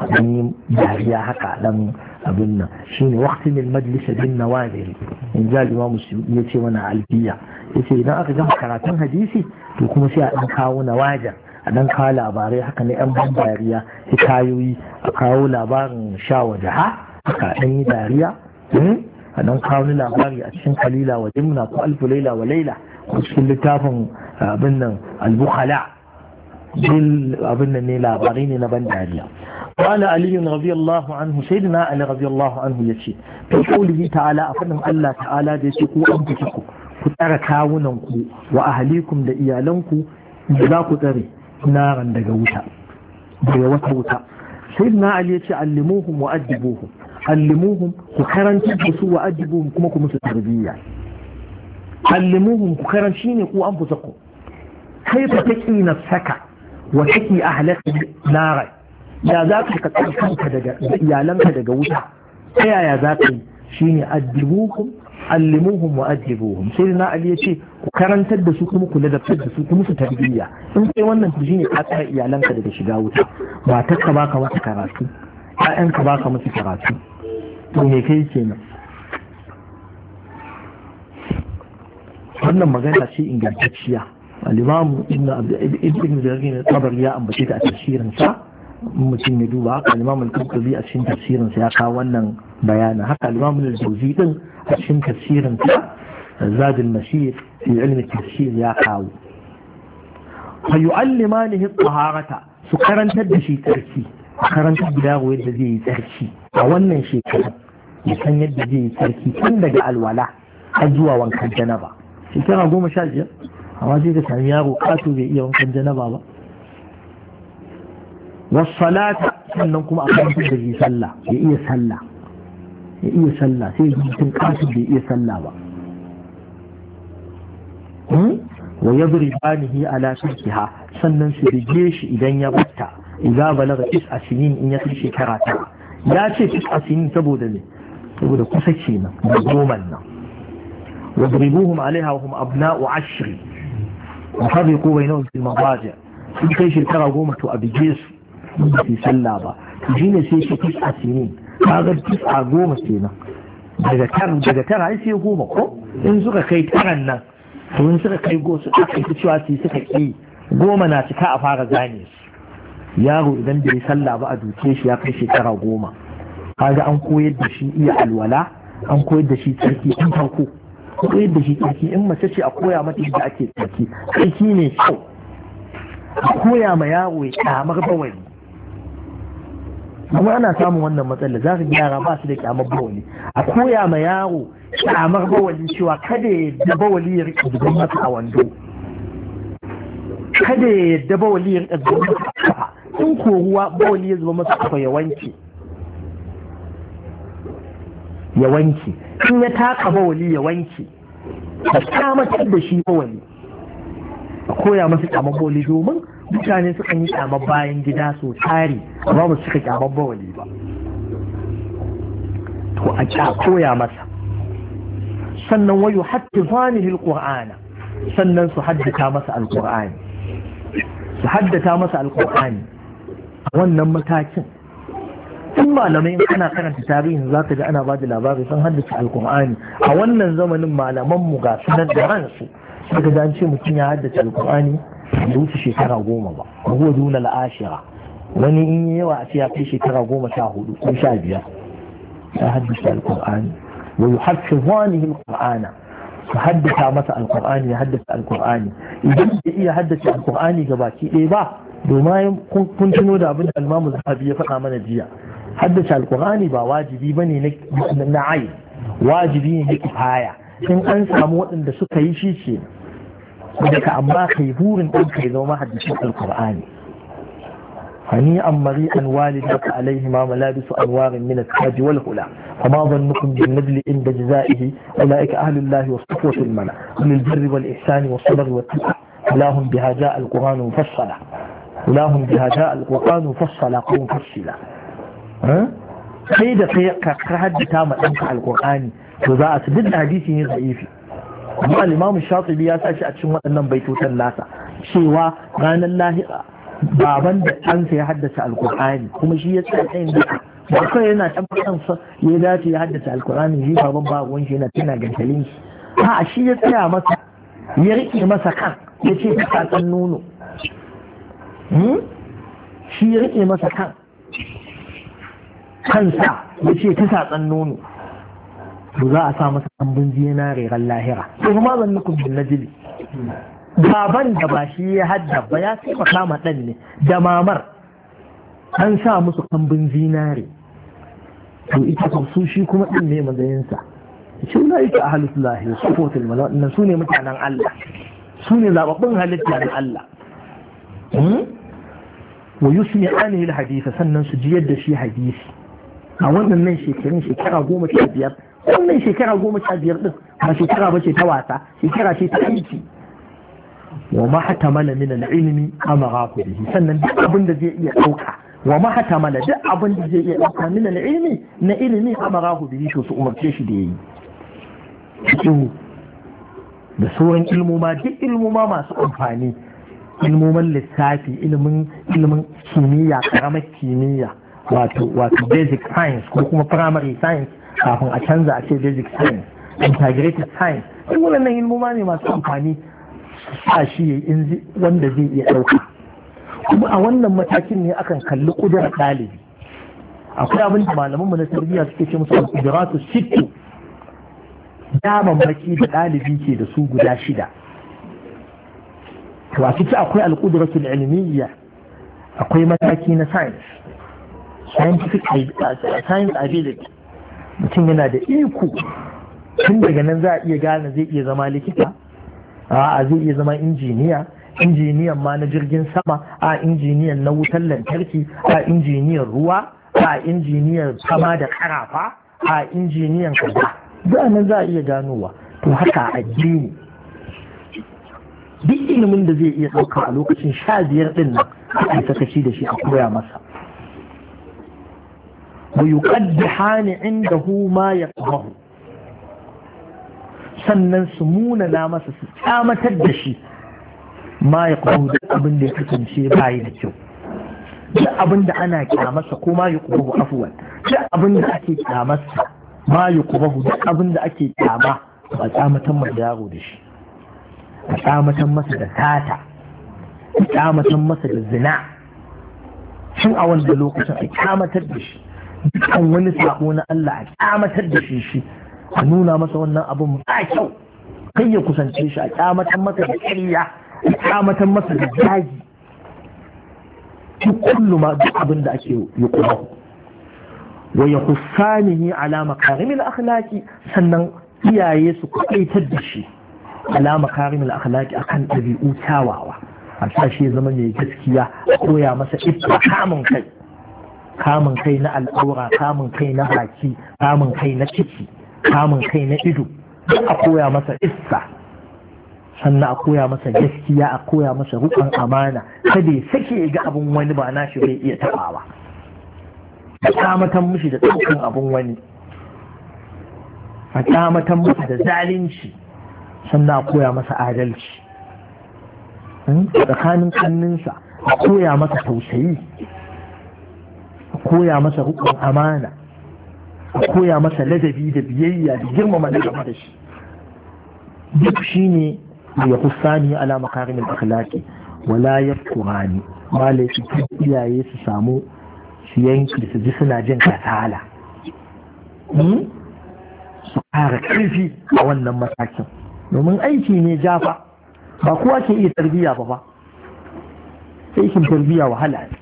an yi dariya haka dan abin nan shine waqtin al-majlis bin nawazil in ja imamu ya ce mana Ya ce idan aka gama karatun hadisi to kuma sai a ɗan kawo nawaja a dan kawo labarai haka na yan ban dariya hikayoyi a kawo labarin sha wa jaha haka ɗan yi dariya hmm? a ɗan kawo labari a cikin kalila wa jimna ko alfu laila wa laila ko cikin littafin abin nan al-bukhala bil abin nan ne labarai ne na ban dariya قال علي رضي الله عنه سيدنا علي رضي الله عنه يشي في قوله تعالى أفنم الله تعالى ديسكو أنفسكو كتار كاوننكو وأهليكم دئيالنكو إذاكو تري نارا دقوتا بيوتوتا سيدنا علي يشي علموهم وأدبوهم علموهم وكرن تبسوا وأدبوهم كما كمسوا تربية allimuhum ku karan shine ku an fusaku kaifa taqi nafsaka wa taqi ahlaka nara ya za ka ka kanka daga iyalanka daga wuta ta yaya za ka yi shine addibuhum allimuhum wa addibuhum sai na ali ya ce ku karantar da su kuma ku ladabtar da su kuma su tarbiyya in kai wannan ku shine ka tsara iyalanka daga shiga wuta matarka baka masa karatu ƴaƴanka baka masa karatu to me kai kenan wannan magana ce ingantacciya al-imam ibn jarir tabari ya ambace ta a tafsirin sa mutum ya duba haka al-imam al-qurtubi a cikin tafsirin sa ya kawo wannan bayanin haka al-imam al-jawzi din a cikin tafsirin sa zad al-masir fi ilm tafsir ya kawo fa yu'allimanihi at-taharata su karantar da shi tsarki a karantar da yaro yadda zai yi tsarki a wannan shekarar ya san yadda zai yi tsarki tun daga alwala har zuwa wankan janaba shekara goma sha biyar amma sai ka sami yaro kato bai iya wankan janaba ba wasalata sannan kuma a kan da shi sallah ya iya sallah ya iya sallah sai ya mutum kato bai iya sallah ba hmm? wa bani yadribanihi ala ha sannan su bige shi idan ya batta idza balaga tis'a sinin in ya kai shekara ta ya ce tis'a sinin saboda ne saboda kusa kenan da goman nan واضربوهم عليها وهم أبناء عشر وفرقوا بينهم في المضاجع in kai shekara goma to a bige su ba su sallah ba shi ne sai shi tisa sinin kaga tisa goma kenan daga tara daga tara ai sai goma ko in suka kai taran nan to in suka kai go suka kai ta cewa sai suka ki goma na cika a fara gane su yaro idan bai sallah ba a duke shi ya kai shekara goma kaga an koyar da shi iya alwala an koyar da shi tsarki an farko koyar da shi tsaki in mace ce a koya mata yadda ake tsarki tsarki ne kyau a koya ma yaro ya kyamar bawani, kuma ana samun wannan matsala za ka yara ba su da kyamar bawani, a koya ma yaro kyamar bawani cewa kada ya yadda bawali ya rika zuban masa a wando kada ya yadda bawali ya rika zuban masa a kafa in ko ruwa bawali ya zuba masa kafa ya wanke ya wanke in ya taka bawali ya wanke a kamatar da shi mawali a koya masa kyamar bawali domin mutane sukan yi kyamar bayan gida so tare. amma ba su cika kyamar bawali ba to a koya masa sannan wayo hatta zanihil qur'ana sannan su haddata masa alqur'ani su haddata masa alqur'ani wannan matakin tun malamai ana karanta tarihin za ka ga ana ba da labari sun haddace alkur'ani a wannan zamanin malaman mu ga sunan da ransu suka ga an ce mutum ya haddace alkur'ani da wuce shekara goma ba ruwa duna la'ashira wani in yi yawa a ce kai shekara goma sha hudu ko sha biyar ya haddace alkur'ani wa yin alkur'ana su haddasa masa alkur'ani ya haddasa alkur'ani idan bai iya haddasa alkur'ani ga baki ɗaya ba domin kun tuno da abin da almamu zahabi ya faɗa mana jiya haddace alkur'ani ba wajibi ba ne na ai wajibi ne na kifaya in an samu waɗanda suka yi shi ce daga amma kai burin ɗan kai zama haddacin alkur'ani هنيئا مريئا والدك عليهما ملابس أنوار من التاج والهلا فما ظنكم بالنبل عند جزائه أولئك أهل الله والصفوة المنى من البر والإحسان والصبر والتقى ولا هم بها جاء القرآن مفصلا ولا هم بها جاء القرآن مفصلا قوم فصلا Eh? kai da kai ka haddata ma ɗanka alƙur'ani to za a su duk da hadisi ne za'ifi amma al Shafi ya sashi a cikin waɗannan baitotan nasa cewa ranar lahira baban da ɗansa ya haddace alƙur'ani kuma shi ya tsaya tsayin duka ba kai yana can sa ya dace ya haddace alƙur'ani shi baban ba wani shi yana tana gantalin shi a shi ya tsaya masa ya riƙe masa kan ya ce ka san nono hmm? shi ya riƙe masa kan kansa ya ce ta satsan nono to za a sa masa tambun zinare ran lahira to kuma zan nuku bin najili baban da ba shi ya ba ya taimaka ma dan ne da mamar an sa musu kambun zinare to ita kan su shi kuma ɗin ne matsayinsa ce wula ita a halittu lahi su fotul su ne mutanen Allah su ne zababbin halitta na Allah hmm? wa yusmi anil hadisa sannan su ji da shi hadisi a waɗannan shekarun shekara goma sha biyar wannan shekara goma sha biyar ɗin ba shekara ba ce ta wasa shekara ce ta aiki wa ma hata mana min ilimi amara ku bihi sannan duk abin da zai iya ɗauka wa ma hata mana duk abin da zai iya ɗauka min ilimi na ilimi amara ku bihi to su umarce shi da yayi cikin da sauran ilmoma duk ilmoma masu amfani ilmoman lissafi ilmin kimiyya karamar kimiyya wato basic science ko kuma primary science kafin a canza a ce basic science integrated science duk wannan ilmuma ne masu amfani sa shi ya yi wanda zai iya ɗauka kuma a wannan matakin ne akan kalli ƙudurar ɗalibi akwai abin da malaman mu na tarbiyya suke ce musu al-qudratu sittu damammaki da ɗalibi ke da su guda shida to a ciki akwai al-qudratu ilmiyya akwai mataki na science scientific uh, science ability mutum yana da iko tun daga nan za a iya gane zai iya zama likita a zai iya zama injiniya injiniyan ma na jirgin sama a injiniyan na wutan lantarki a injiniyan ruwa a injiniyan sama da karafa a injiniyan kaza za nan za a iya ganowa to haka a addini duk ilimin da zai iya ɗauka a lokacin sha biyar ɗin nan a kashi da shi a koya masa ويقدحان عنده ما يقضه sannan su munana masa su kyamatar da shi ma ya kuhu duk abin da ya kasance bayi da kyau duk abin da ana kyamarsa ko ma ya kuhu afuwan duk abin da ake kyamarsa ma ya kuhu duk abin da ake kyama ba kyamatan mai yaro da shi a kyamatan masa da tata a kyamatan masa da zina shin a wanda lokacin a kyamatar da shi dukkan wani sako na Allah a kyamatar da shi shi a nuna masa wannan abin a kyau kai ya kusance shi a kyamatar masa da ƙarya a kyamatar masa da jaji. duk kullu ma duk abin da ake yi kuma wa ya kusanihi ala makarimin akhlaqi sannan iyaye su kwaitar da shi ala makarimin akhlaqi akan ɗabi'u kyawawa a sa shi zama mai gaskiya a koya masa ibra kamun kai kamun kai na al'aura kamun kai na haki kamun kai na ciki kamun kai na ido duk a koya masa iska. sannan a koya masa gaskiya a koya masa rukun amana kada ya sake ga abin wani ba nashi bai iya taɓa ba a kamatan mushi da ɗaukan abin wani a kamatan mushi da zalunci sannan a koya masa adalci hmm? tsakanin kanninsa a koya masa tausayi koya masa rukun amana a koya masa ladabi da biyayya da girmama na gaba da shi duk shi ne mai ya yi ala makarimin akhlaqi wala ya kurani malai su iyaye su samu su yanki su ji suna jin kasala hmm? su ƙara karfi a wannan matakin domin aiki ne jafa ba kowa ke iya tarbiyya ba ba aikin tarbiyya wahala ne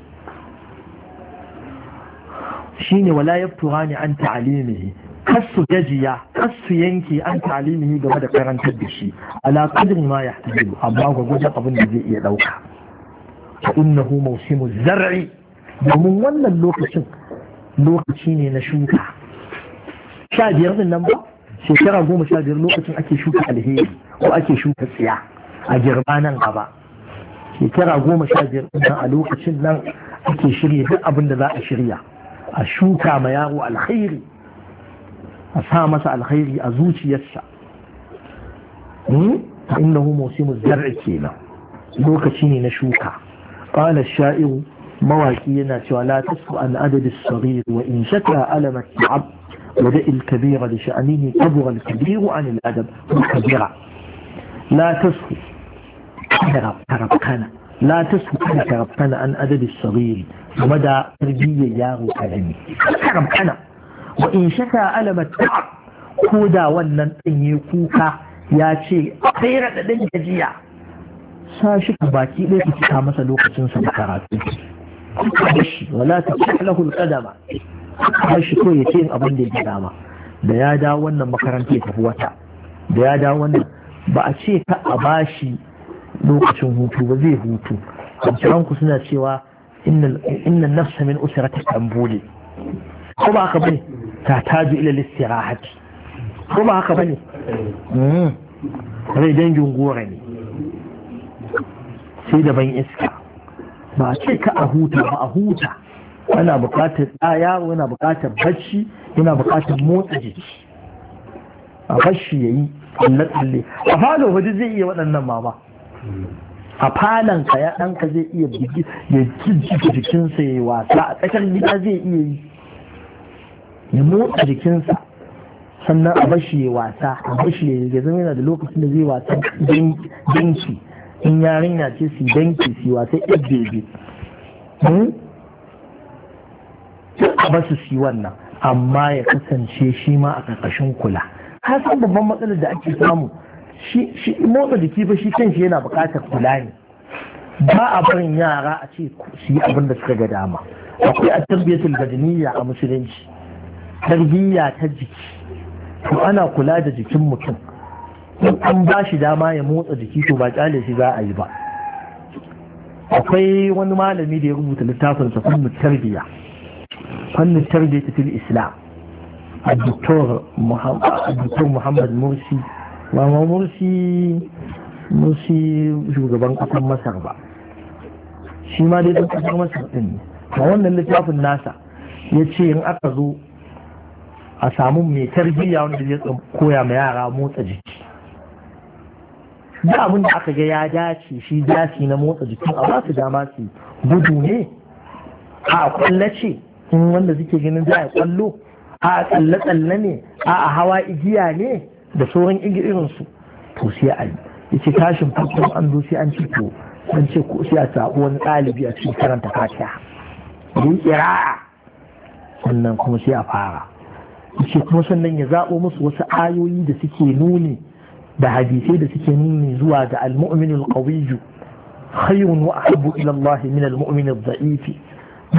Shi ne wala ne an ta'alimihi kasu gajiya kasu yanki an ta'alimihi game da karantar da shi ala qadri ma yahtajibu amma gwagwajen abin da zai iya dauka fa innahu mawsimu zar'i domin wannan lokacin lokaci ne na shuka sha biyar din nan ba shekara goma sha biyar lokacin ake shuka alheri ko ake shuka tsiya a girma nan gaba shekara goma sha biyar a lokacin nan ake shirya duk abin da za a shirya a shuka ma yaro alkhairi a sa masa alkhairi a zuciyarsa innahu musimu zar'i kenan lokaci ne na shuka qala sha'iru mawaki yana cewa la tasu an adad as-saghir wa in shaka alam at-ta'ab wa da'i al-kabira li sha'nihi kabura al-kabiru an al-adab kabira la tasu kana kana la ta su an adadi sariri game da tarbiyyar yaro karami karafana wa in shaka alama ta'ab ko da wannan ɗanye kuka ya ce sai raɗaɗin gajiya sa shi ka baki ɗaya ka cika masa lokacin sa da karatu wala ta cika lahul kadama har shi ko ya ce abin da ya dama da ya dawo wannan makaranta ya tafi wata da ya dawo wannan ba a ce ka a bashi lokacin hutu ba zai hutu kwanciyarku suna cewa inna nafsa min usra ta tambole ko ba haka bane ta taju ila listirahati ko ba haka bane hmm. rai dangin gora ne sai da ban iska ba a ce ka a huta ba a huta yana bukatar yana bukatar bacci yana bukatar motsa jiki a bashi ya yi tsalle a falo hudu zai iya waɗannan mama a ka ya ɗanka zai iya bugi ya jijjiga jikinsa ya yi wasa a tsakar gida zai iya yi ya motsa jikinsa sannan a bashi ya wasa a bashi ya yi zama yana da lokacin da zai wasa danki in yarinya ce su danki su wasa yan bebe hmm? a basu su wannan amma ya kasance shi ma a ƙarƙashin kula ka san babban matsalar da ake samu shi motsa jiki ba shi kanshi yana bukatar kula ne ba a barin yara a ce su yi abin da suka ga dama akwai a tarbiyyar badaniya a musulunci tarbiyya ta jiki to ana kula da jikin mutum in an ba shi dama ya motsa jiki to ba kyale shi za a yi ba akwai wani malami da ya rubuta littafin sa fannin tarbiyya fannin tarbiyya ta islam a Muhammad Mursi. mama mursi mursi shugaban kasar masar ba shi ma dai ɗan kasar masar ɗin ne wannan littafin nasa ya ce in aka zo a samu mai tarbiyya wanda zai koya ma yara motsa jiki da abin da aka ga ya dace shi dace na motsa jiki a ba su dama su gudu ne a kwalla in wanda suke ganin za a kwallo a tsalle-tsalle ne a hawa igiya ne da sauran irin irinsu, to sai a yi ce tashin farko an zo sai an ce to an ce ko sai a sabo wani ɗalibi a cikin karanta fatiha yi ƙira'a sannan kuma sai a fara yace kuma sannan ya zaɓo musu wasu ayoyi da suke nuni da hadisai da suke nuni zuwa ga al-mu'minul qawiyyu khayrun wa ahabbu ila Allah min al-mu'min ad-da'if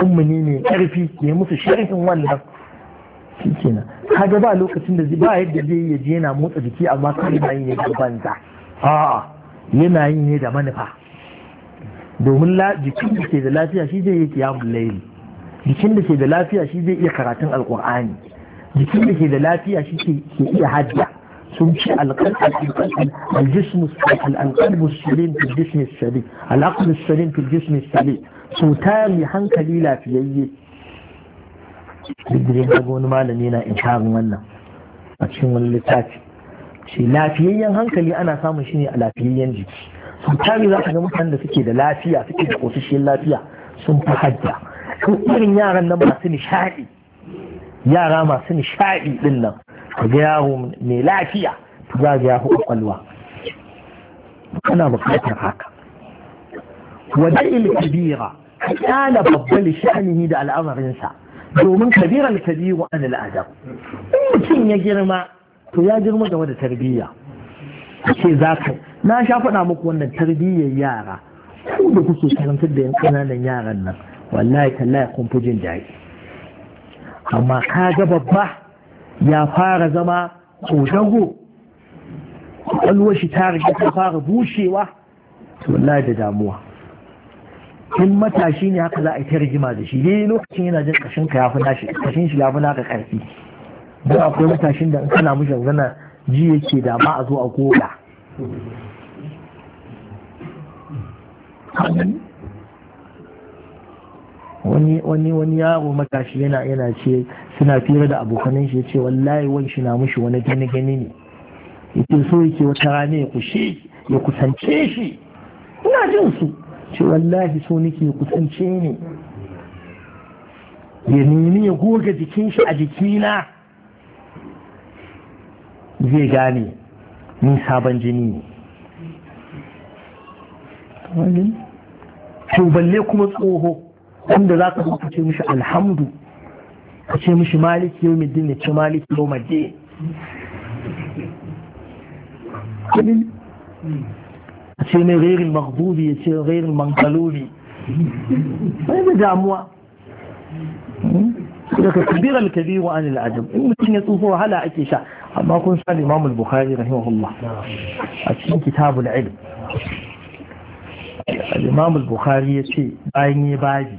ne karfi ne musu sharhin wannan shikenan kaga ba lokacin da ba yadda zai yi je yana motsa jiki amma kai yana yi ne da banza a'a yana yi ne da manufa domin jikin da ke da lafiya shi zai yi kiyamun laili jikin da ke da lafiya shi zai iya karatun alkur'ani jikin da ke da lafiya shi ke iya hajja sun ce alƙalbu shirin fil jismi sabi al'aqlu shirin fil jismi sabi su mai hankali lafiyayye jirgin da wani malami na isharin wannan a cikin wani littafi ce lafiyayyen hankali ana samun shi ne a lafiyayyen jiki sun tari za ka ga mutanen da suke da lafiya suke da ƙosasshiyar lafiya sun fi hajja ko irin yaran nan masu nishaɗi yara masu nishaɗi ɗin nan ka ga yaro mai lafiya za ga ya fi kana buƙatar haka wada'il kabira ka ƙyala babban sha'anihi da al'amarinsa domin kabiran kabiru wa al'adab in mutum ya girma to ya girma game da tarbiyya ce za na sha faɗa muku wannan tarbiyyar yara ku da kuke karantar da yan ƙananan yaran nan wallahi tallahi kun fi jin daɗi amma ka ga babba ya fara zama ƙodago ƙwaƙwalwar shi ta riga ta fara bushewa to wallahi da damuwa in matashi ne haka za a yi ta rigima da shi dai lokacin yana jin kashin ka yafi nashi kashin shi yafi naka karfi don akwai matashin da in kana mishi zana ji yake da ba a zo a goga wani wani wani yaro matashi yana yana ce suna fira da abokanin shi ce wallahi wani shi na mushi wani gani gani ne yake so yake wata rana ya kushe ya kusance shi ina jin su ce wallahi so nake kusance ne ya nemi ya goga jikin shi a jikina zai gane ni sabon jini ne to balle kuma tsoho wanda za ka ka ce mishi alhamdu ka ce mishi maliki yau middin ya ce maliki yau madde ce mai gairin maghdubi ya ce gairin mankalubi bai da damuwa hmm? daga kabir alkabi wa anil ajam in mutum ya tsufa wahala ake sha amma kun sa imam al-bukhari rahimahullah a cikin kitabul ilm al-imam al-bukhari ya ce bayan ya baji,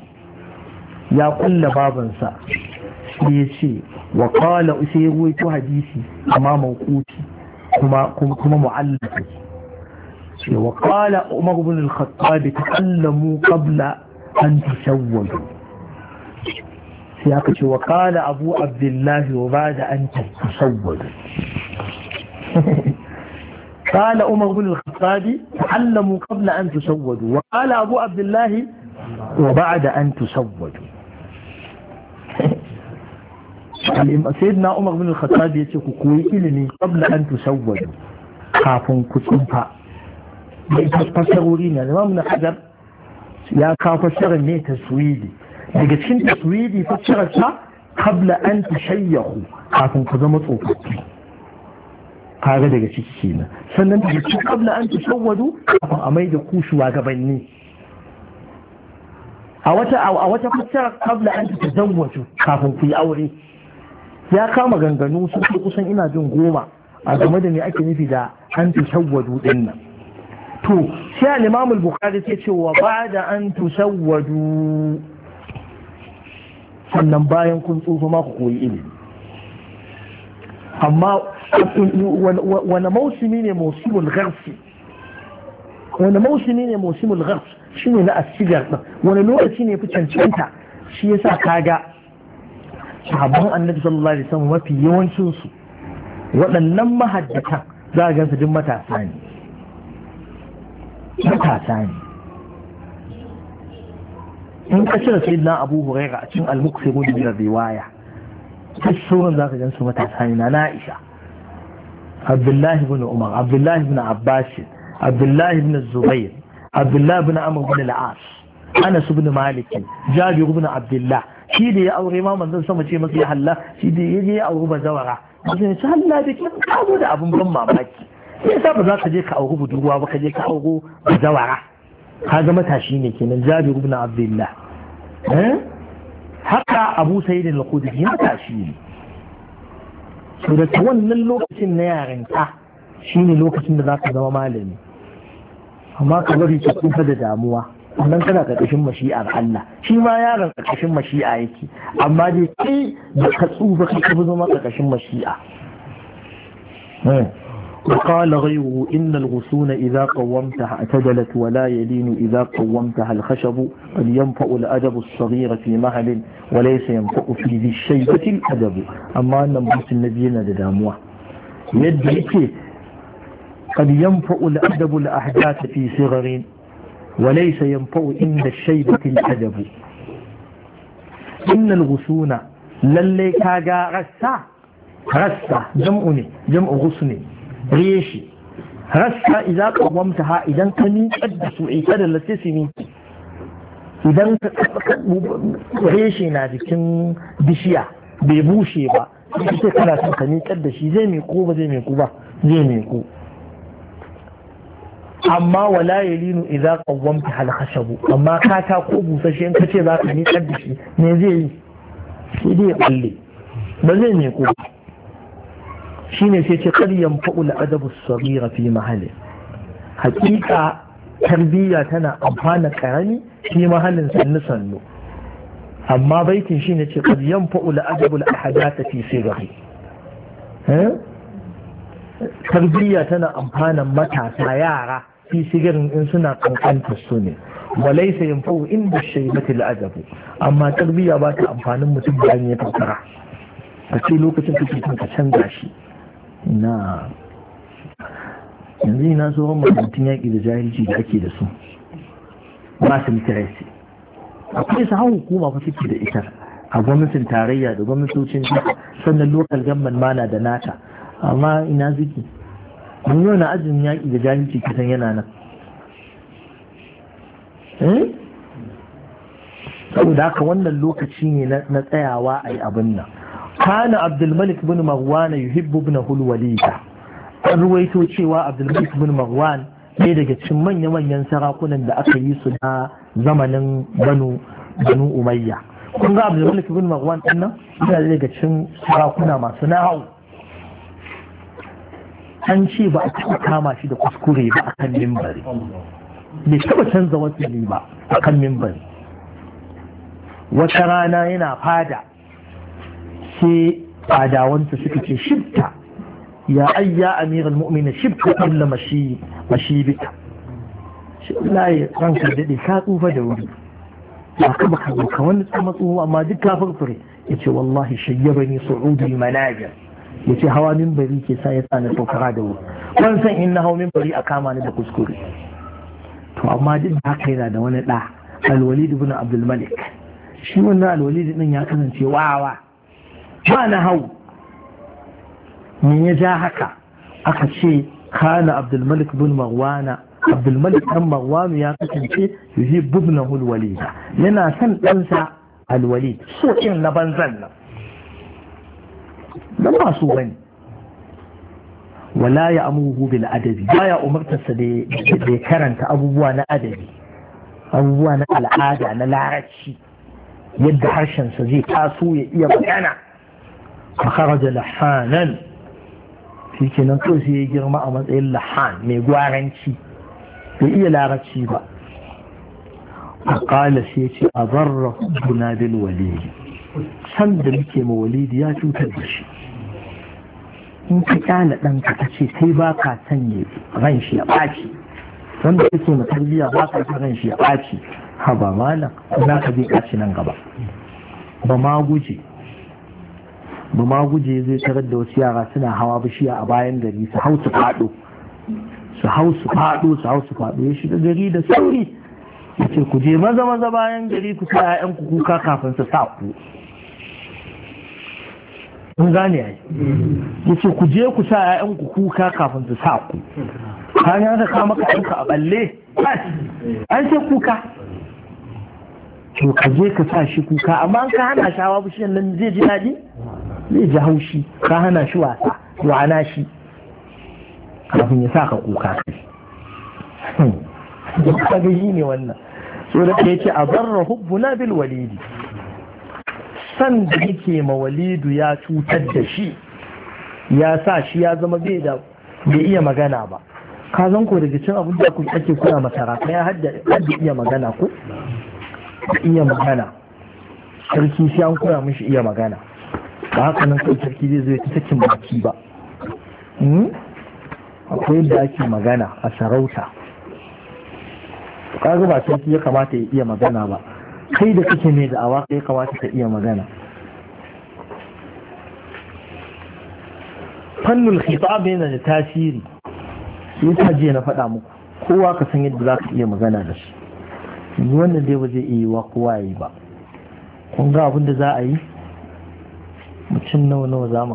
ya kulla babansa sai ya ce wa qala usayru hadisi amma mawquti kuma kuma mu'allaq وقال عمر بن الخطاب تعلموا قبل أن تسودوا سياقة وقال أبو عبد الله وبعد أن تسودوا قال عمر بن الخطاب تعلموا قبل أن تسودوا وقال أبو عبد الله وبعد أن تسودوا سيدنا عمر بن الخطاب يقول كوي إلمي قبل أن تسودوا خافوا كتنفا mai fassarori ne al'imam na hajar ya kawo fassarar ne ta suwidi daga cikin taswidi fassarar ta kabla an tashayyahu kafin ku zama tsofaffi kare daga ciki kenan sannan ta cikin kabla an tashawwadu kafin a mai da ku gabanni a wata a wata fassarar kabla an ta tazawwaju kafin ku yi aure ya kama ganganu sun kusan ina jin goma a game da me ake nufi da an tashawwadu din nan to sai al-imam al-bukhari sai ce wa ba'da an tusawwadu sannan bayan kun tsufa ma ku koyi ilimi amma wani mausimi ne mausimul gharsi wani mausimi ne mausimul gharsi shine na asigar ɗin? wani lokaci ne fi cancanta shi yasa kaga sahabban annabi sallallahu alaihi wasallam mafi yawancin su waɗannan mahaddatan za a gansu duk matasa ne matasa ne in ka cire sai na abu huraira a cikin almuksiru da riwaya duk sauran za ka gan su matasa ne na na'isha abdullahi bin umar abdullahi bin abbas abdullahi bin zubair abdullahi bin amr bin Laas, anas bin malik jabir bin abdullah shi da ya aure ma manzon sama ce masa ya halla shi da ya je ya aure bazawara mutum ya ce halla da kin kago da abun ban mamaki sai yasa ba za ka je ka auri budurwa ba ka je ka auri zawara ka ga matashi ne kenan jabiru ibn abdullah eh? haka abu sayyid al ya matashi ne so da wannan lokacin na ka shine lokacin da za ka zama malami amma ka bari ka kufa da damuwa wannan kana ƙarƙashin mashi'ar Allah shi ma yaron ƙarƙashin mashi'a yake amma dai kai da ka tsufa ka zama ƙarƙashin mashi'a eh. وقال غيره إن الغصون إذا قومتها اعتدلت ولا يلين إذا قومتها الخشب قد ينفأ الأدب الصغير في مهل وليس ينفأ في ذي الشيبة الأدب أما أن مبوس النبيين لداموه يدعيك قد ينفأ الأدب الأحداث في صغر وليس ينفأ إن الشيبة الأدب إن الغصون للي كاقا غسا غسا جمع جمع reshi rassa idan ka gwamta ha idan ka miƙar da su ita da lasse su miƙe idan ka reshe na jikin bishiya bai bushe ba sai kana son ka miƙar da shi zai miƙo ba zai miƙo ba zai miƙo amma wala ya linu iza qawwamta hal halkashabu amma ka ta ko busashe in ce za ka miƙar da shi me zai yi sai dai ya balle ba zai miƙo ba ne sai ce qad fa’ul al-adabu as-saghira fi mahalli hakika tarbiyya tana amfana karami fi mahalin sannu sannu amma baitin ne ce qad fa’ul al-adabu al fi sigari. Eh? tarbiyya tana amfana matasa yara fi sigarin in suna kankanta su ne sai yin fau inda shaibatul la’adabu amma tarbiyya ba ta amfanin mutum bayan ya fassara a ce lokacin kake son ka canza shi na yanzu ina tsohon makarantun yaƙi da jahilci da ake da su ba su literacy akwai su hau kuma fa suke da ita a gwamnatin tarayya da gwamnatocin sannan lokal gamban mana da nata amma ina ziki mun yi wani ajin yaƙi da jahilci kasan yana nan eh? saboda haka wannan lokaci ne na tsayawa a yi abin nan kana abdulmalik bin marwan yuhibbu ibnahu alwalida an ruwaito cewa abdulmalik bin marwan ne daga cikin manya-manyan sarakunan da aka yi su na zamanin banu banu umayya kun ga abdulmalik bin marwan ɗin nan yana daga cikin sarakuna masu nahau an ce ba a taɓa kama shi da kuskure ba akan mimbari bai taɓa canza wasu ba akan mimbari wata rana yana fada sai fadawansa suka ce shibta ya ayya amiral mu'mina shibta qabla mashi mashi bika shi wallahi ranka daɗe, ka tsufa da wuri ba ka baka ka wani tsama tsoho amma duk ka furfure ce wallahi shayyabani su'udul manajir yace hawa min bari ke sa ya tsana saukara da wuri wani san in na hau min bari a kama ni da kuskure to amma duk da haka yana da wani da alwalid ibn Abdulmalik. malik shi wannan alwalid din ya kasance wawa ba na hau me ya ja haka aka ce kana abdulmalik bin marwana abdulmalik dan marwanu ya kasance yuhi bubna alwalida yana son ɗansa alwalid so in na banzan nan dan ba su bane wala ya amuhu bil adabi baya umartarsa da ya karanta abubuwa na adabi abubuwa na al'ada na larabci yadda harshensa zai taso ya iya magana فخرج لحانا shi kenan to sai ya girma a matsayin lahan mai gwaranci bai iya larabci ba a kala sai ya ce a zarra guna bil walidi san muke ma walidi ya cutar da shi in ka kyala ɗanka kace ce sai ba ka sanya ran shi ya ɓaci wanda kake na tarbiyya ba ka sa ran shi malam za ka je ɓaci nan gaba ba ma guje ba ma guje zai tarar da wasu yara suna hawa bishiya a bayan gari su hau su fado su hau su fado su hau su fado ya shiga gari da sauri ya ce ku je maza maza bayan gari ku sa 'ya'yanku kuka kafin su sa ku kun gane ai ya ce ku je ku sa 'ya'yanku kuka kafin su sa ku kan ya ka kama ka ɗanka a balle an ce kuka to ka je ka sa shi kuka amma an ka hana shawa bishiyan nan zai ji daɗi zai ji haushi ka hana shi wasa wana shi kafin ya sa ka kuka kai ga yi ne wannan so da ya ce a zarra hubbuna bil walidi san da yake ma walidu ya cutar da shi ya sa shi ya zama bai da bai iya magana ba ka zan ko daga cin abin da ku ake koya masara ya hadda iya magana ku iya magana sarki shi an koya mishi iya magana ba haka nan kai sarki zai zai sakin baki ba hmm? akwai yadda ake magana a sarauta kaga ba sarki ya kamata ya iya magana ba kai da kake mai awa ya kamata ka iya magana fannul khitab yana da tasiri sai ta je na faɗa muku kowa ka san yadda za ka iya magana da shi wannan dai ba zai iya yi wa kowa ya yi ba kun ga abin da za a yi 去弄弄咱们。